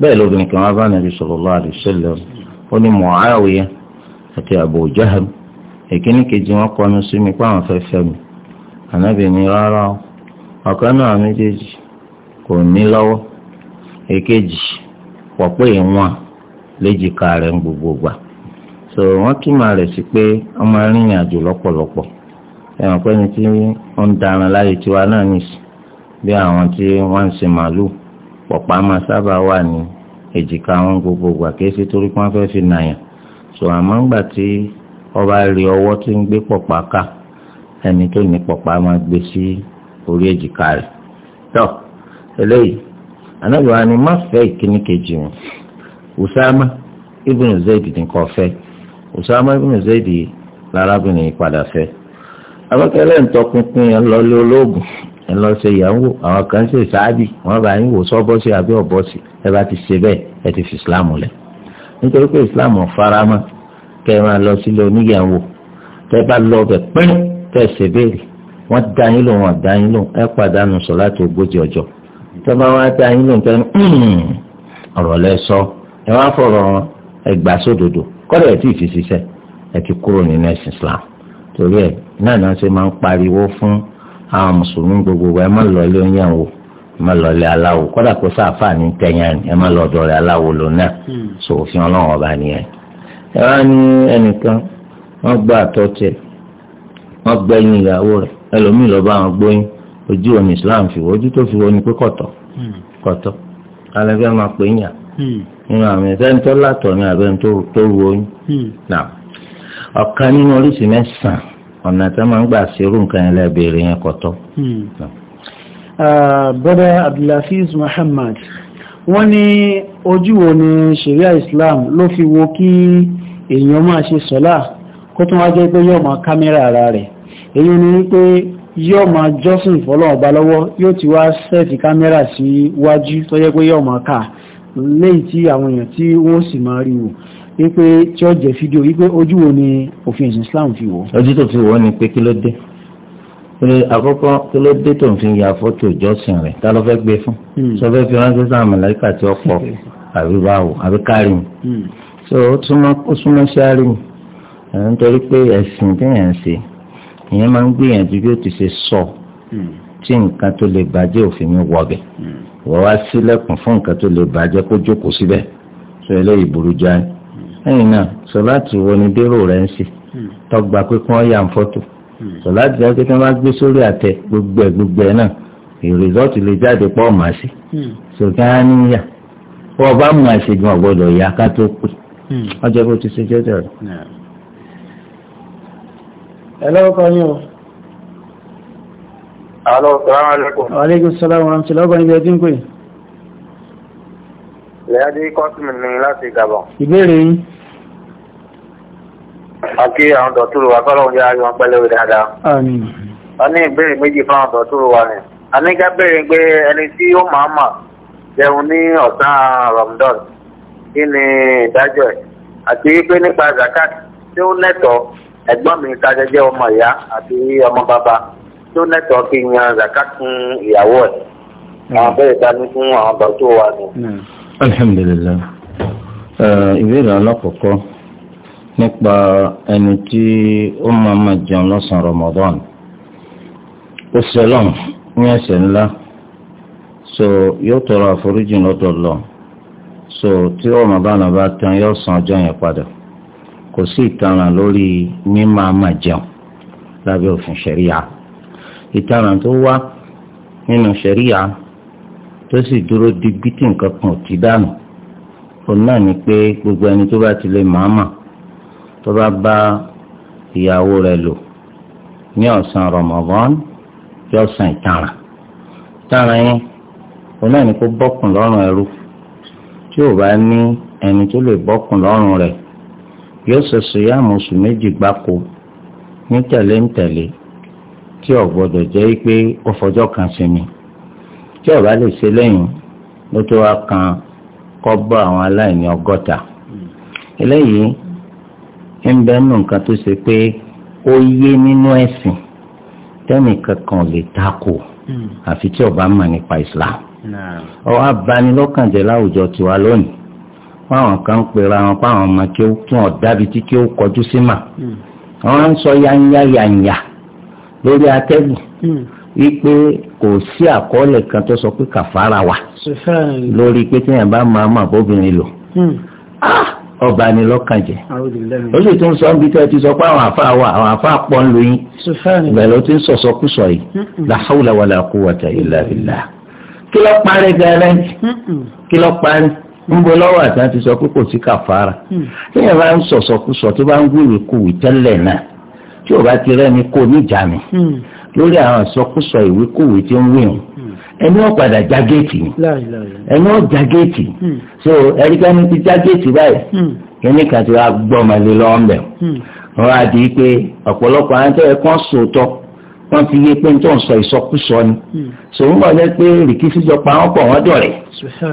[SPEAKER 2] bẹ́ẹ̀ lóbìnrin kan wá bá nàbì sallallahu alaihi wasallam ó ní Muawiya àti Abu Jahm èkíní kejì wọn kọnu sí mi pé àwọn fẹ́ fẹ́ mi ànábì ní rárá o ọ̀kan náà méjèèjì kò ní lọ́wọ́ èkejì pọ̀ pé ìwọ̀n léjìká rẹ̀ ń gbogbo gbà so wọ́n túmọ̀ rẹ̀ sí pé ọmọ arìnrìn àjò lọ́pọ̀lọpọ̀ ẹ̀wọ̀n pẹ́ni tí ó ń daran láyé tiwa náà nìsí bí àwọn tí wọ́n ń sin màálù pọ̀pá máa sábà wà ní èjìká wọn gbogbo gbà kìí ṣe torí wọ́n fẹ́ fi nàyàn so àmọ́ ńgbà tí ọba rí ọwọ́ tí ń gbé pọ̀pá ká ẹni tó ní pọ̀pá máa gbé sí orí èjìká rẹ̀ tọ́ eléyìí anábì ni má fẹ́ ìkíní kejì wọn usama ibùnú zaidi nìkan fẹ́ usama ibùnú zaidi lárábìnrin yìí padà fẹ́ abákẹ́lẹ́ ń tọpinpin ẹ̀ lọ lé olóògùn ẹ̀ lọ ṣe ìyàwó àwọn kan ṣe sáábì wọ́n bá yín wò sọ́bọ́sì àbí ọ̀bọ́sì ẹ bá ti ṣe bẹ́ẹ̀ ẹ ti fi islam lẹ̀ nítorí pé islam faramọ́ kẹ́ ẹ máa lọ sílé oníyàwó tẹ́ bá lọ bẹ̀ pín tẹ́ ṣe béèrè wọ́n dá yín lò wọ́n dá yín lò ẹ pàdánù sọ láti ogójì ọjọ́ tó bá wá dá yín lò ń tẹnu ọ̀rọ̀ lẹ sọ ẹ wá fọ̀rọ̀ ẹgbà sódodo kọ́dọ̀ ẹ̀ tí ì fi ṣiṣẹ́ ẹ ti kúrò nínú ẹ̀sìn Islam torí ẹ̀ náà náà ṣe máa ń pariwo fún àwọn mùsùlùmí gbogbo ẹ má lọ ilé oúnjẹ wò ẹ má lọ ilé aláwo kọ́dà kó sáfà ní tẹ̀yàn ẹ má lọ ọ̀dọ̀ rẹ̀ lò náà hmm. sọ òfin ọba nìyẹn. ẹ wá ní ẹnìkan wọ́n gbọ́ àtọ́tẹ̀ wọ́n gbẹ́yìn ìyàwó rẹ̀ ẹlòmíì lọ bá wọn gbóyún ojú ọ̀nà islam fi wọ́n ojú tó fi wọ́n ni pé kọ̀tọ̀ hmm. kọ̀tọ̀ alẹ́fẹ́ máa pè é yàn hmm. nínú àmì ẹ̀fẹ́ni tó látọ̀ ní abẹ́ni tó ru oyún hmm. náà ọ̀kan nínú oríṣi mẹ́sàn-án ọ̀nà tí wọ́n máa ń gbà ṣerú nǹkan yẹn lẹ́bẹ̀rẹ̀ yẹn kọ̀tọ̀.
[SPEAKER 1] Uh, bọ́dà abdulhafiz muhammad wọ́n ní ojú wo ni sharia islam ló fi wo kí èèyàn máa ṣe sọ́lá kó tún wá jẹ́ pé yóò máa kámẹ́rà ara rẹ̀ èyí ni pé yóò máa jọ́sìn fọ́lọ́run ọba lọ́wọ́ yóò ti wá sẹ́ẹ̀tì kámẹ́rà sí wájú tó yẹ pé yóò máa kà léyìí tí àwọn èèyàn tí wọ́n sì máa rí wò wípé tí ó jẹ́ fídíò wípé ojú wo ni òfin ẹ̀sìn Islam fi wò. ojú tó
[SPEAKER 2] fi wò ni pé kí ló dé àkọ́kọ́ kí ló dé tó ń fi ya fọ́tò ìjọsìn rẹ̀ tá ló fẹ́ gbé fún hmm. sọ fẹ́ fi ránṣẹ́ sáà mọ̀lẹ́kà tí ó pọ̀ àbí hmm. nítorí pé ẹ̀sìn téèyàn ń ṣe ìyẹn máa ń gbìyànjú bí ó ti ṣe sọ hmm. tí nǹkan tó lè bàjẹ́ òfin mi wọ̀bẹ̀ hmm. wọ́n wá sílẹ̀kùn fún nǹkan tó lè bàjẹ́ kó jókòó síbẹ̀ sọ eléyìí burú jáì hmm. lẹ́yìn náà sọláàtì wo ni dérò rẹ̀ ń ṣe tọgbà pé kí wọ́n yà ń fọ́tò sọláàtì rẹ̀ pé kí wọ́n bá gbé sórí àtẹ gbogbo ẹ̀ gbogbo ẹ̀ náà ìrìsọ́ọ̀tì lè jáde pọ̀ mà sí sọ̀kẹ́ á ní yà wọ́n bá mú àṣejù ọ̀gbọ́dọ̀ yà
[SPEAKER 1] Hello, kan yín o. Hello, salaam alaikum. Wa alaikum salaam wa rahmatullahi wa barakatuh. Ẹ̀dín pè. Lẹ́yàdí Kọ́sìmì ni láti Gabon. Ìbéèrè yín. Àkí àwọn dọ̀túrò wa kọ́lọ̀ ń yá ayé wọn pẹ́lẹ́ dáadáa. Àmín. Wọ́n ní ìbéèrè méjì fáwọn dọ̀túrò wa ni. A ní ká béèrè pé ẹni tí ó máa mà jẹun ní ọ̀sán Ramadan. Kí ni ìdájọ́ ẹ̀? Àti pé nípa Zakat tí ó lẹ́tọ̀ọ́ ẹ̀gbọ́n mi kájọ jẹ́ ọmọ ìyá àti ọmọ bàbá tó lẹ́tọ̀ọ́ kí n yan zaka kún ìyàwó ẹ̀ hmm. àwọn bẹ́ẹ̀ dání fún àwọn bàbá tó wà ní.
[SPEAKER 2] Hmm. alhamdulillah ìbéèrè alákọ̀ọ́kọ́ nípa ẹni tí ó máa ma jẹun lọ́sàn-án Ramadan ó sẹlọ̀n ní ẹ̀ṣẹ̀ ńlá so yóò tọrọ àforíjì lọ́dọ̀ lọ so tí ọmọ bá nà bá tán yóò san ọjọ́ yẹn padà kò sí ìtanràn lórí mímọ̀ àmà jẹun lábẹ́ òfin ṣẹ̀ríà ìtanràn tó wá nínú ṣẹ̀ríà tó sì dúró digbí tí nǹkan kan ò ti dànù òun náà ni pé gbogbo ẹni tó bá ti lè màmá tó bá bá ìyàwó rẹ̀ lò ní ọ̀sán Ramadan yóò san ìtanràn ìtanràn yẹn òun náà ni kó bọ́kùn lọ́rùn ẹrú tí ò bá ní ẹni tó lè bọ́kùn lọ́rùn rẹ̀ yóò ṣẹ̀ṣẹ̀ yá oṣù méjì gbáko ní tẹ̀léńtẹ̀lé tí ò gbọ́dọ̀ jẹ́ pé ó fọjọ́ kan sinmi tí ó bá lè ṣe lẹ́yìn ló tó wá kan kọ́ bọ́ àwọn aláìní ọgọ́ta eléyìí ń bẹ nù nǹkan tó ṣe pé ó yé nínú ẹ̀sìn tẹ́nì kankan lè takò hmm. àfi tí ó mọ̀ nípa Islam ó wá láwùjọ tiwa lónìí fáwọn kan ń pera wọn fáwọn ọmọ kí ó tún ọ̀dábi tí kí ó kọjú sí mà wọn ń sọ yanya yanya lórí atẹ́gùn hmm. wípé kò sí àkọọ́lẹ̀ kan tó sọ pé kàfàrà wà lórí pé téèyàn bá máa mà bóbìnrin lò hmm. ah! ọba ni lọ́kàn jẹ́ ó sì tún sọ níbi tí ẹ ti sọ pé àwọn àfa wà àwọn àfa pọ̀ ń lo yín bẹ̀rẹ̀ ti ń sọ̀sọ́kùsọ yìí la hawla wala quwwata illa billah kí ló parí gẹ́rẹ́ kí ló parí níbo lọ́wọ́ àti àti sọ pé kò sí kàfàrà hmm. téèyàn bá ń sọ̀sọ̀kúsọ tó bá ń gbèrè kùwì tẹ́lẹ̀ náà tí ò bá ti rẹ́ni kó níjàmì hmm. lórí àwọn ìsọkúsọ ìwékùwé tí ń wí hmm. ẹni ó padà já géètì ni ẹni ó já géètì so ẹni ká ní ti já géètì báyìí kíní kan ti wá gbọ́mọlé lọ́wọ́ mbẹ̀ wọ́n á di pé ọ̀pọ̀lọpọ̀ àwọn tó sòótọ́ wọ́n ti yé pé ń tó ń sọ ìsọkúsọ ni sòwúmọ̀ jẹ́ pé rìkísíjọpọ̀ àwọn pọ̀ wọ́n dọ̀rẹ́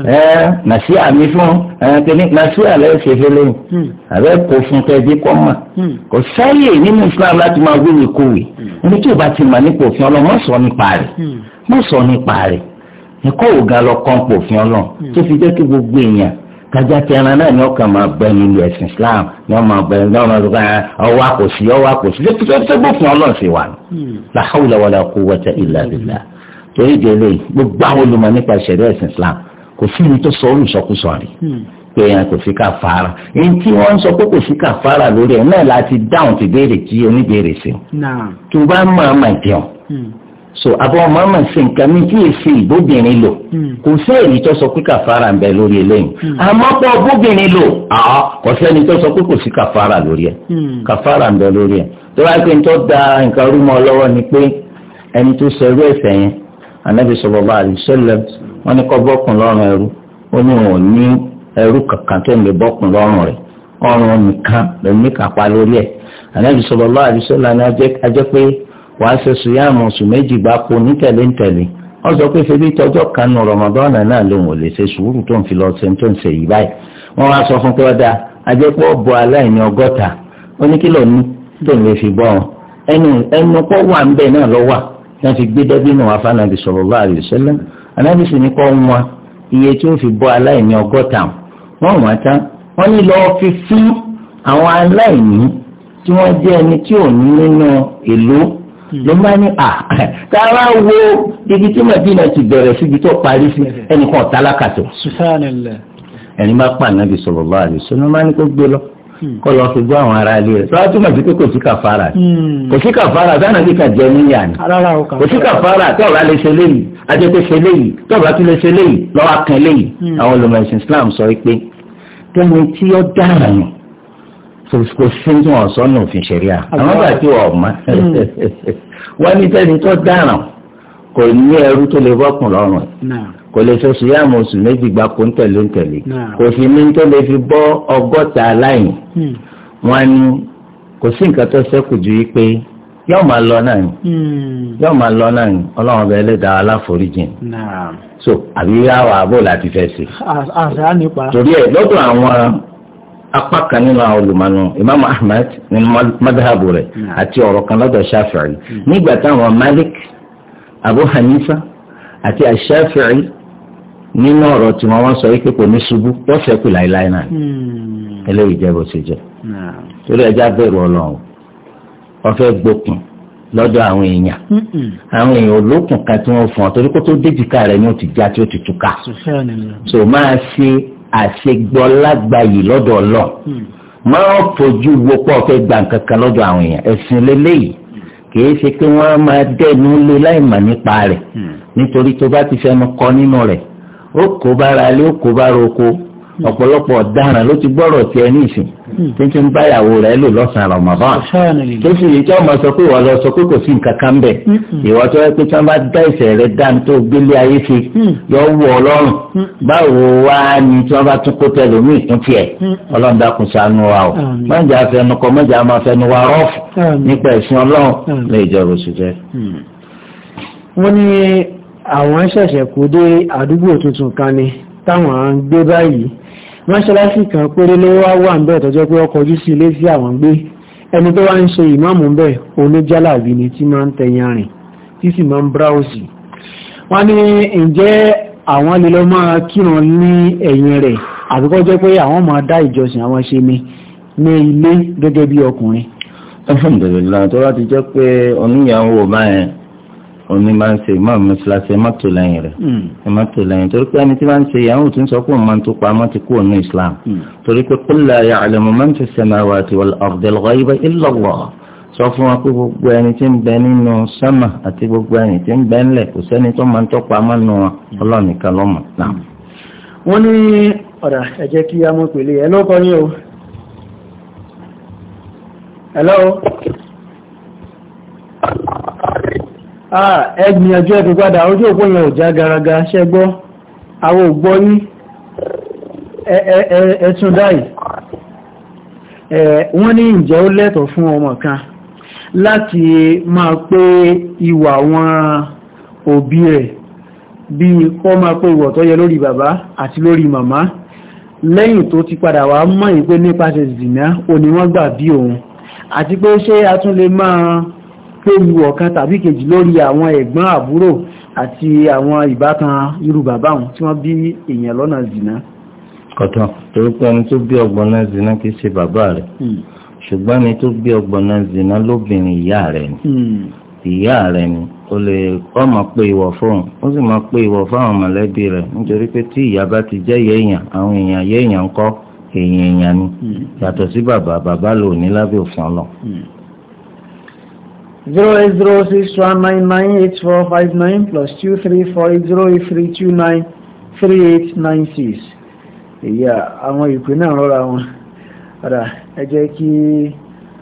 [SPEAKER 2] ẹ nàṣí àmì fún ẹ kìíní nàṣí àlẹ ṣe fẹ lóyún hmm. àbẹ kò fún kẹbí kọ mà hmm. kò sáyè nínú Islam láti máa wí ìkówè hmm. ẹni tí o bá ti mà nípa òfin Ọlọ́run mọ sọ nípa rẹ̀ mọ sọ nípa rẹ̀ ẹ̀kọ́ òga lọ kàn pò òfin Ọlọ́run tó fi jẹ́ kí gbogbo èèyàn kájà tẹran náà ni ọkàn máa bẹ nínú ẹ̀sìn Islam ni wọn máa ní ọmọ ọdún ọwọ́ àkòsí ọwọ́ àkòsí tó tó tó gbófin Ọlọ́run sí wa la hawla wala quwwata illa billah torí ìdílé gbogbo àwọn olùmọ̀ nípa ìṣẹ̀lẹ̀ ẹ̀sìn Islam kò sí ibi tó sọ olùsọkúsọ rẹ̀ hmm. pé yẹn kò sí kàfàrà èyí tí wọ́n ń sọ pé kò sí kàfàrà lórí ẹ̀ náà láti dáhùn ti béèrè tí oníbèrè sí tó bá máa máa jẹun hmm. so àbọ̀ ọmọ ọmọ ṣe nǹkan mi kí èsì ìbóbìnrin lò hmm. kò sí èyí tó sọ pé kàfàrà ń bẹ lórí eléyìí àmọ́ pọ̀ bóbìnrin lò àá kò sẹ́ni tó sọ pé kò sí kàfàrà lórí ẹ̀ kàfàrà ń bẹ lórí ẹ̀ tó bá pé tó da nǹkan rúmọ lọ́wọ́ ni pé ẹni tó sọ irú ẹ̀ṣẹ̀ yẹn Ànábì sallallahu alaihi wasallam wọ́n ní kọ́ bọ́kùn lọ́rùn ẹrú ó ní òun ní ẹrú kankan tó ń lè bọ́kùn lọ́rùn rẹ̀ ọrùn nìkan ní kápá lórí ẹ̀ ànábì sallallahu ni ajẹ́ pé méjì ní tẹ̀lé ń tẹ̀lé wọ́n sọ pé ṣebí tọjọ́ kan nù náà lòun ò lè ṣe sùúrù tó ń lọ ṣe anábì sì ní kọ́ wọn iye tí ó fi bọ́ aláìní ọgọ́ta wọn wọ́n tán wọ́n ní lọ́ọ́ fi fún àwọn aláìní tí wọ́n jẹ́ ẹni tí ò ní nínú ìlú hmm. ló máa ní à ah, tá a bá wo ibi tí Madina ti bẹ̀rẹ̀ síbi tó parí sí ẹnìkan tálákà tó ẹni bá pa anábì sallallahu alaihi wasallam máa ní kó gbé lọ. Hmm. kọ́ lọ fi gbọ́ àwọn ará ilé rẹ̀ tó a túmọ̀ sí pé kò sí kàfàrà hmm. kò sí kàfàrà dáná bí ká jẹ níyà ni kò sí kàfàrà tó lè ṣe léyìí ajẹ́pẹ́ ṣe léyìí tó tún lè ṣe léyìí lọ́wọ́ kan léyìí hmm. àwọn olùmọ̀ ẹ̀sìn Islam sọ pé tẹ́lẹ̀ tí ó dára yẹn kò sí tí wọ́n sọ ní òfin ṣẹ̀ríà àwọn bá ti wọ̀ ọ̀ma wọ́n ní tẹ́lẹ̀ tó dára kò ní ẹrú tó lè bọ́kùn lọ́rùn kò lè ṣe sùyàmù oṣù méjì gbáko ń tẹ̀lé ń tẹ̀lé kò sì ní tó lè fi bọ́ ọgọ́ta aláìní hmm. wọn ni kò sí nǹkan tó ṣẹ́kù ju wípé yóò máa lọ náà ni hmm. yóò máa lọ náà ni ọlọ́run ọba ẹlẹ́dàá aláforíjìn so àbí yáwó àbò láti fẹ́ ṣe.
[SPEAKER 1] torí ẹ lọ́dọ̀ àwọn
[SPEAKER 2] apá kan nínú àwọn olùmọ̀nà imam ahmed nínú madhabu rẹ̀ àti ọ̀rọ̀ kan lọ́dọ̀ shafi'i hmm. nígbà táwọn malik abu hanifa àti ashafi'i nínú ọ̀rọ̀ tí wọ́n wá sọ wípé kò ní ṣubú wọ́n fẹ́ kù láéláé náà hmm. eléyìí jẹ́ bó ṣe jẹ́ torí ẹja bẹ̀rù ọlọ́run wọ́n fẹ́ gbókun lọ́dọ̀ àwọn èèyàn àwọn èèyàn olókùn kan tí wọ́n fún torí kó déjìká rẹ̀ ni ó ti já tí ó ti túká so máa ṣe àṣegbọ́lágbàyè lọ́dọ̀ ọlọ́run hmm. máa fojú wo pọ̀ fẹ́ gbà kankan lọ́dọ̀ àwọn èèyàn ẹ̀sìn lélẹ́yìí kìí ṣe pé wọ́n máa dẹ́nu lé láì mà nípa rẹ̀ hmm. nítorí tó bá ti fẹnu kọ nínú rẹ̀ ó kó bára ilé ó oko hmm. ọ̀pọ̀lọpọ̀ ọ̀daràn ló ti gbọ́rọ̀ tiẹ̀ ní ìsìn tí hmm. tí ń báyàwó rẹ̀ lò lọ́sàn-án Ramadan tó sì yìí tí ọmọ sọ pé ìwọ lọ sọ pé kò sí nǹkan kan bẹ̀ hmm. ìwọ tó yẹ pé tí wọ́n bá dá ìṣẹ̀ rẹ̀ dáni tó gbélé ayé ṣe yọ wù ọ báwo wá ni tí wọ́n bá tún kó tẹlómìn tún tiẹ̀ ọlọ́run dákun ṣàánú wa o mọ̀jà fẹnukọ mọ̀jà máa wa rọ́ọ̀fù nípa ẹ̀sìn ọlọ́run lè jọ
[SPEAKER 1] wọ́n ní àwọn ṣẹ̀ṣẹ̀ kó dé àdúgbò tuntun kan ni táwọn ń gbé báyìí mọ́ṣáláṣí kan péré ló wá wà ń bẹ̀ tọ́jọ́ pé ọkọ̀ ojú sí ilé sí àwọn gbé ẹni tó wá ń ṣe ìmáàmù ń bẹ̀ oníjálàbí ni tí máa ń tẹ̀yàn rìn tí sì máa ń bráùsì wọ́n ní ǹjẹ́ àwọn lè máa kírun ní ẹ̀yìn rẹ̀ àbíkọ́ jẹ́ pé àwọn máa dá ìjọsìn àwọn ṣe ni ní ilé gẹ́gẹ́
[SPEAKER 2] bí ọkùnrin. alhamdulillah tó bá jẹ́ pé oníyàwó òní máa ń ṣe ìmáàmù mọ́ṣáláṣí ẹ má tò lẹ́yìn rẹ̀ hmm. ẹ má tò lẹ́yìn torí pé ẹni tí wọ́n ń ṣe ìyàwó tí ń sọ pé òun máa ń tó pamọ́ ti kú òun islam hmm. torí pé qul la ya'lamu man fi samawati wal ardi al-ghayba illa Allah sọ fún wa pé gbogbo ẹni tí ń bẹ nínú sámà àti gbogbo ẹni tí ń bẹ ńlẹ̀ kò sẹ́ni tó máa ń tó pamọ́ nù
[SPEAKER 1] hello ẹgbìyànjú ẹ̀fẹ́ padà ojú òpó yẹn ò já garaga ṣẹgbọ́ àwọn ògbọ́ ní ẹ̀tún dáì wọ́n ní ǹjẹ́ ó lẹ́tọ̀ fún ọmọ kan láti máa pé ìwà wọn òbí rẹ̀ bí kọ́ máa pé ìwọ̀ tó yẹ lórí bàbá àti lórí màmá lẹ́yìn tó ti padà wá mọ̀ ìpé nípasẹ̀ zìnà òní wọ́n gbà bí òun àti pé ṣé a tún lè máa pé ìwọ ọ̀kan tàbí kejì lórí àwọn ẹ̀gbọ́n àbúrò àti àwọn ìbátan irú bàbá wọn tí wọ́n bí èèyàn lọ́nà zìnà
[SPEAKER 2] kọ̀tọ̀ torí pé ẹni tó bí ọgbọ̀n náà zìnà kìí ṣe bàbá rẹ̀ hmm. ṣùgbọ́n ẹni tó bí ọgbọ̀n náà zìnà lóbìnrin ìyá rẹ̀ ni hmm. ìyá rẹ̀ ni o lè kọ́ máa pé ìwọ̀ fóun ó sì máa pé ìwọ̀ fáwọn mọ̀lẹ́bí rẹ̀ nítorí pé tí ìyá bá ti jẹ́ yẹ̀yàn àwọn èèyàn yẹ̀yàn ń kọ́ èèyàn èèyàn ni hmm. yàtọ̀ sí bàbá bàbá lò ní lábẹ́ òfin ọlọ́ zero eight zero
[SPEAKER 1] six one nine nine eight four five nine plus two three four zero three two nine three eight nine six èyí àwọn ìpè náà rọra wọn padà ẹ jẹ́ kí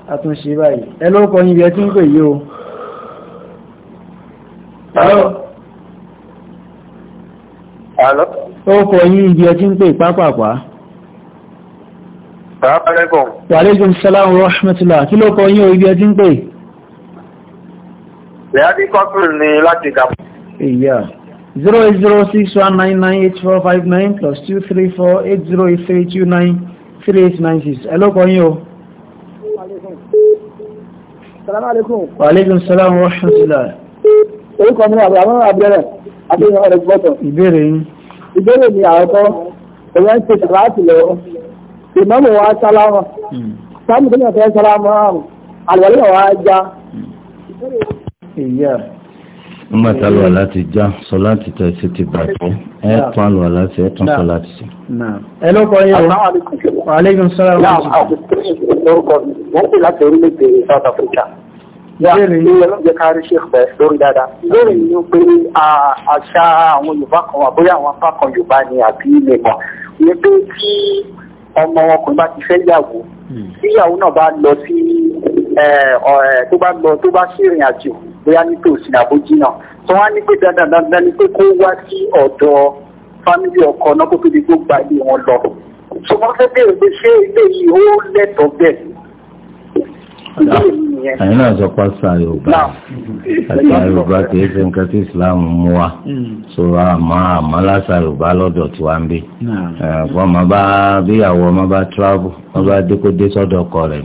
[SPEAKER 1] a tún ṣe báyìí ẹ lórúkọ yín bí ẹ ti ń pè yí o. Àlọ́. Orúkọ yín ibi ẹ ti ń pè pápápá. Assalamu alaikum. Wa alaikum salaam wa rahmatullah. Kí ló kọ yín o ibi ẹ ti ń pè? Ìyáàdí kọ́pìlì ni láti gà. Ìyá zero zero six one nine nine eight four five nine plus two three four eight zero three two nine three eight nine six. Ẹ ló kọ́ yín o.
[SPEAKER 4] Salamu alaikum. Wa alaikum
[SPEAKER 1] salaam wa rahmatulah. Orúkọ mi àbúrò àwọn abẹ́rẹ́ àti ìyàwó rẹ̀ gbọ́tọ̀. Ìbéèrè yín. Ìbéèrè mi àkọ́kọ́, ẹ̀yẹ́ ń ṣe ṣàlàyé lọ́wọ́. Ìmọ̀mù wa sálámà. Hmm. Sáàmù tó ní ọ̀fẹ́ sálámà àrùn. Àlùwálé wa já. Hmm nígbà
[SPEAKER 2] tá a lọ láti já sọ láti tẹ̀ sí ti bàjẹ́ ẹ tún a lọ láti ẹ tún sọ láti sí.
[SPEAKER 1] ẹ lọ́kọ̀ yẹ o aleykum salaam wa rahmatulah. lórúkọ mi wọ́n pè láti orílẹ̀-èdè South Africa. ìbéèrè yìí ló ń jẹ́ ká rí Sheikh pẹ̀ lórí dáadáa. ìbéèrè yìí ló pé àṣà àwọn Yorùbá kan wà bóyá àwọn apá kan Yorùbá ni àbí ilẹ̀ kan. ìyẹn pé kí ọmọ ọkùnrin bá ti fẹ́ yàwó hmm. tí ìyàwó náà bá lọ sí tó bá lọ tó bá ṣèrìn àjò
[SPEAKER 4] bóyá nítòsí àbójì náà tí wọ́n á ní pé dandan dandan ni pé kó wá sí ọ̀dọ̀
[SPEAKER 3] fámìlì ọkọ náà kó tóbi tó gba ilé wọn lọ so wọ́n fẹ́ bèrè pé ṣé ilé yìí ó lẹ́tọ̀ọ́ bẹ́ẹ̀. Àyìn
[SPEAKER 2] náà sọ pásítà Yorùbá
[SPEAKER 5] àti Yorùbá kìí
[SPEAKER 2] ṣe nǹkan tí Islam mú wa so àmọ́ àmọ́ lásà Yorùbá lọ́dọ̀ tí wàá ń bí. Ẹ̀fọ́ ma bá bíyàwó ọmọ bá travel ọmọ bá dékòdé sọ́dọ̀ ọkọ rẹ̀.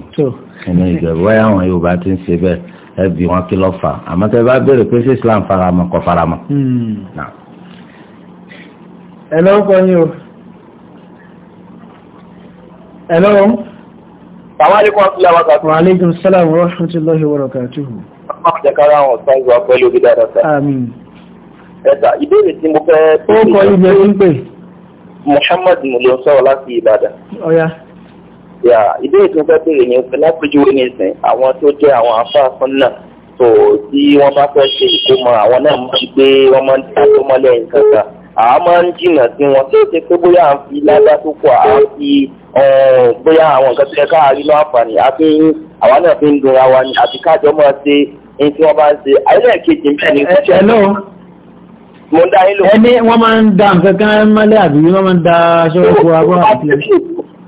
[SPEAKER 2] Ẹni ìjọba àwọn Yorùbá ti ń ṣe bẹ́ẹ̀ ẹ bí wọn kí lọ fà àmọ́ tẹ́ bá béèrè pé ṣé islam faramọ́ kò faramọ́.
[SPEAKER 1] ẹ hmm. lọ́wọ́ kọ́ ni o. ẹ lọ́wọ́. Àwọn alékùn sálàmù rọ́ṣùntúlọ́hì wọ́rọ̀kàtúhù. Ọjọ́kára àwọn ọ̀sán ìwà pẹ̀lú orí dáadáa sáà. Àmín. Ẹ̀ta, ìbéèrè tí mo fẹ́... Ó kọ ìgbẹ́ ń pè. Mùhammad Mùlẹ̀ sọ̀rọ̀ láti Ìbàdàn. Ọya. Oh, yeah ìbéèrè tó fẹ́ béèrè ni lápèjúwe nìsín àwọn tó jẹ́ àwọn afáfún náà tó tí wọ́n bá fẹ́ ṣe ìkómọ àwọn náà mọ̀ sí pé wọ́n máa ń dá tó mọ́lẹ̀ nǹkan kan àá máa ń jìnà sí wọn tó ṣe pé bóyá à ń fi ládá tó pọ̀ à ń fi eh, bóyá àwọn nǹkan tó yẹ káàárín náà àǹfààní àfi àwa náà fi ń dunra wa ni àti kájọ máa ṣe ní tí wọ́n bá ń ṣe
[SPEAKER 4] àìlẹ́ẹ̀kejì bẹ́ẹ̀ ń
[SPEAKER 1] dá yín lò. ẹni wọ́n máa ń da nǹkan kan mọ́lẹ̀ àbí wọ́n máa ń da aṣọ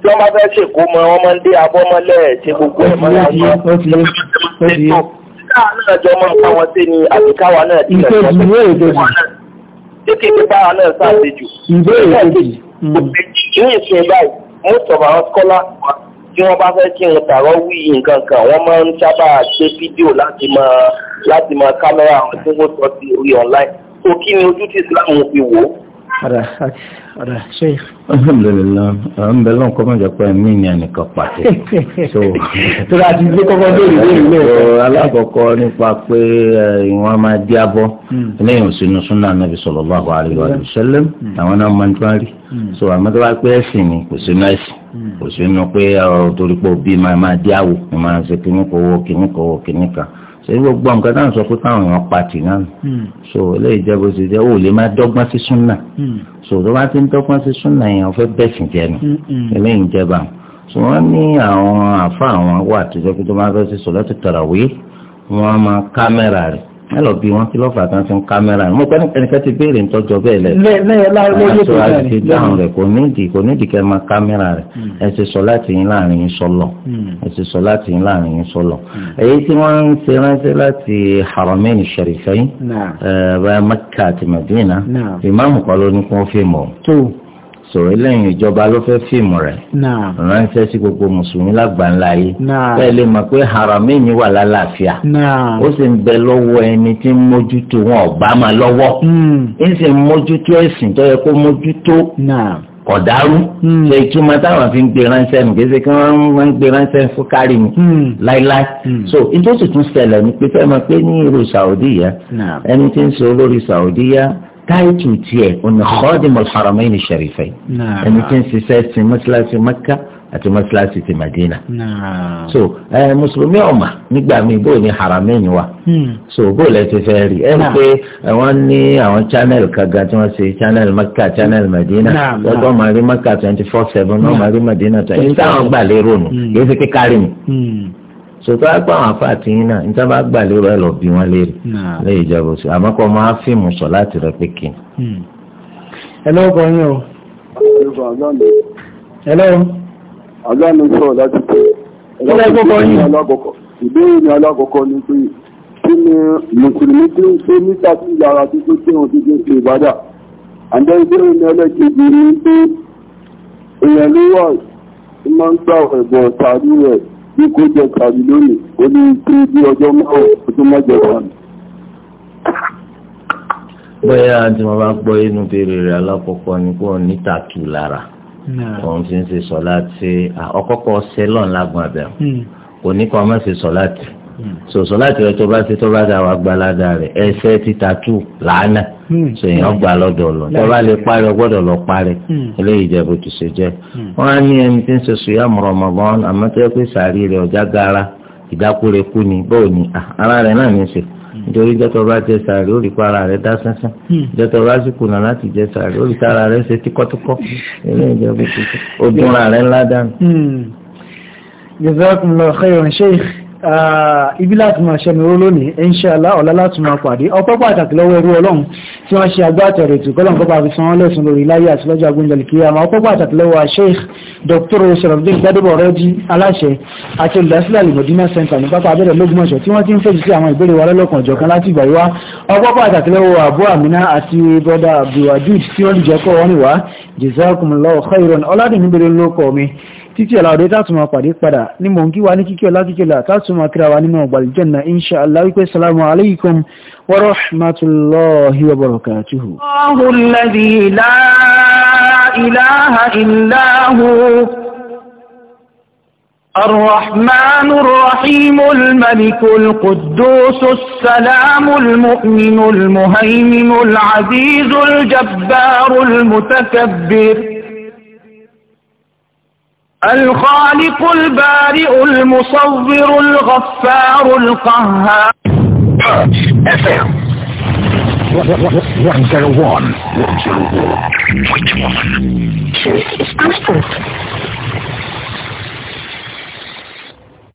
[SPEAKER 1] tí wọ́n bá fẹ́ ṣèkó mọ ọmọ ń dé abọ́ ṣe gbogbo ẹ̀ mọ́ra wọn. káwa náà jọ mọ nǹkan wọn sí ni àti káwa náà ti rẹ̀ jọ pé kékeré báwa náà ṣàṣejù. ìbéèrè kejì.
[SPEAKER 4] ìwé ìsìn báyìí most of our scholars tí wọ́n bá fẹ́ kí n tààrọ́ wí nǹkan kan wọ́n máa ń sábà ṣe fídíò láti mọ láti mọ
[SPEAKER 1] kámẹ́rà àwọn tí wọ́n sọ sí orí online. so kí ni ojú tí Islam fi wò ó
[SPEAKER 2] ọ̀rọ̀ ọ̀rọ̀ ṣe. alhamdulillah à ń bẹ lọ́nkọ́ mọ̀jọ pé mí ni ẹnìkan pàtẹ. tó bá ti gbé kọ́kọ́ lórí lórí lórí. alákọ̀ọ́kọ́ nípa pé ìwọ̀n máa di abọ́ hmm. lẹ́yìn òsínú súnà nàbì sallallahu alaihi wa sallam hmm. àwọn náà máa ń tún àrí. Hmm. so àmọ́ tó bá pé ẹ̀sìn ni kò sínú ẹ̀sìn kò sínú pé ọ̀rọ̀ torí pé òbí máa máa di àwò máa ṣe kíníkòwò kíníkòwò kíníkà ṣe gbogbo nǹkan táwọn sọ pé káwọn èèyàn pàtì náà hmm. so eléyìí jẹ́ bó ṣe jẹ́ ó lè máa dọ́gbọ́n sí súnà hmm. so tó bá ti ń dọ́gbọ́n sí súnà yẹn wọ́n fẹ́ bẹ̀sìn jẹ́ ni hmm, eléyìí jẹ́ bá so wọ́n ní àwọn àfa àwọn wà tó jẹ́ pé tó máa fẹ́ sí sọ̀lá ti wọ́n máa kámẹ́rà rẹ̀ ẹ lọ bí wọn kí ló fà tán fi ń kámẹ́rà mo pẹ́ ẹnìkan ti béèrè ntọ́jọ́ bẹ́ẹ̀ lẹ̀ àtúntò àti dáhùn rẹ̀ kò nídìí kò nídìí kẹ́ máa kámẹ́rà rẹ̀ hmm. ẹ ti sọ láti yín láàrin yín sọlọ hmm. ẹ ti sọ láti yín láàrin yín sọlọ. Hmm. èyí tí wọ́n ń ṣe ránṣẹ́ láti haramain sharifain eh, bá Mẹ́kà àti Madina ìmáàmù kọ́ ló ní kí fi mọ̀ so eléyìí ìjọba ló fẹ́ fíìmù rẹ̀ ránṣẹ́ sí gbogbo mùsùlùmí lágbàńlá yìí bẹ́ẹ̀ lè mọ̀ pé haramẹ́yìn wà lálàáfíà ó sì ń bẹ lọ́wọ́ ẹni tí ń mójútó wọn ọ̀bá ma lọ́wọ́ hmm. ń sì ń mójútó ẹ̀sìn tó yẹ kó mójútó kọ̀dárú hmm. ṣe ìtumọ̀ táwọn fi ń gbé ránṣẹ́ mi kì ṣe kí wọ́n ń gbé ránṣẹ́ fún kárí mi hmm. láíláí so ìjọ́sìn tún ṣẹlẹ̀ ní pé fẹ́ẹ́ mọ̀ pé ní irú Saudi yẹn ẹni tí ń ṣe olórí Saudi yẹn táìtù tiẹ̀ òní khadimul haramaini sharifain ẹni tí ń ṣiṣẹ́ sí mọ́ṣáláṣí mẹ́kà àti mọ́ṣáláṣí ti madina. so ẹ mùsùlùmí ọ̀mà nígbà míì bó ní haramaini wa hmm. so bó lẹ ti fẹ́ rí ẹ pé wọ́n ní àwọn channel kaga tí wọ́n ṣe channel mẹ́kà channel madina lọ́gbọ́n máa rí mẹ́kà twenty four seven náà máa rí madina twenty four seven táwọn gbà lérò nù yóò fi kékeré mi sọtọ́ àgbà àwọn afa àti yín náà níta bá gbà lérò ẹ̀ lọ bí wọ́n léèrè lẹ́yìn ìjọba sí àmọ́ kọ́ máa fíìmù sọ láti rẹ pé kí. ẹ lọ́wọ́ kan
[SPEAKER 1] yín o. ẹ lọ́wọ́. àgbà mi sọ̀rọ̀ láti tẹ̀. ẹ lọ́wọ́ kan yín. ìbéèrè ni alákọ̀ọ́kọ́ ni pé kí ni mùsùlùmí tí ń ṣe níta sí yàrá títí tí wọ́n ti fi ṣe ìbádà. àǹdẹ́ ìbéèrè ni ẹlẹ́kejì ni pé èèyàn ló wà máa ń gbà ẹ̀bùn ní kó jẹ kàrí lónìí ó ní pé bí ọjọ́ márùn ọdún mọ́jọ kan.
[SPEAKER 2] bóyá tí wọ́n bá gbọ́ inú béèrè rẹ̀ alákọ̀ọ́kọ́ ni kò ní tàtù lára òun ti ń ṣe sọ láti ọkọ̀kọ̀ sẹ́lọ̀n lágbọ̀n abẹ́rù hmm. kò ní kọ́ ọmọ ṣe sọ láti hmm. sọ̀sọ̀ láti rẹ̀ tó bá ṣe tó bá dà wá gbalada rẹ̀ ẹsẹ̀ ti tàtù làánà. Hmm. sèyìn ọgbà hmm. lọ́dọ̀ lọ tọ́ba lè parí ọgbọ́dọ̀ lọ parí hmm. eléyìí jẹ́ bó ti ṣe jẹ́ wọ́n á ní ẹni tí ń ṣe sùúyà mọ̀rọ̀mọ̀gbọ́n àmọ́ tó yẹ pé sàárì rẹ̀ ọ̀já gara ìdákúrekú ni bóò ní ah, ara rẹ̀ náà ní í ṣe nítorí jọ́tọ̀ bá jẹ sàárì ó rí pa ara rẹ̀ dá sánsán jọ́tọ̀ bá sì kùnà láti jẹ sàárì ó rí pa ara rẹ̀ ṣe tíkọ́tíkọ́ eléyìí jẹ́ bó ti ṣe ó dúnra rẹ̀ ńlá dànù.
[SPEAKER 1] jazakumullahu khairan sheikh Ah, ibi láti máa ṣẹmìró lónìí inṣàlá ọ̀lá láti máa pàdé ọpẹ́ pàtàkì lọ́wọ́ ẹrú ọlọ́run tí wọ́n ṣe agbátẹ̀rẹ̀ tí kọ́lọ̀ nǹkan pàfi sanwó lẹ́sùn lórí láyé àti lọ́jọ́ agbóńjẹ̀lì kí àmà Dr. sọ̀rọ̀dín gbádébọ̀ rẹ́jí aláṣẹ àti olùdásílẹ̀ alimọ̀dínà center ní pápá abẹ́rẹ́ lógúnmọ̀ṣọ́ tí wọ́n ti ń fèjì sí àwọn ìbéèrè wa lọ́lọ́kan ọ̀jọ̀kan láti ìgbà yíwá ọpẹ́ pàtàkì lọ́wọ́ àbú àmìnà àti bọ́dà abdulwadud tí wọ́n lè jẹ́ kọ́ wọn títí ọ̀la ọ̀dẹ́ tàtùmọ̀ pàdé padà ní mò ń kí wa ní kíkẹ́ ọ̀la kíkí ọ̀la tàtùmọ̀ kíra wa nínú ọgbà aljanna insha Allah wípé salamu alaikum wa rahmatullahi wa barakatuhu.
[SPEAKER 3] Allahul ladhi la ilaha illa hu الرحمن الرحيم الملك القدوس السلام المؤمن المهيمن العزيز الجبار المتكبر الخالق البارئ المصور الغفار
[SPEAKER 5] القهار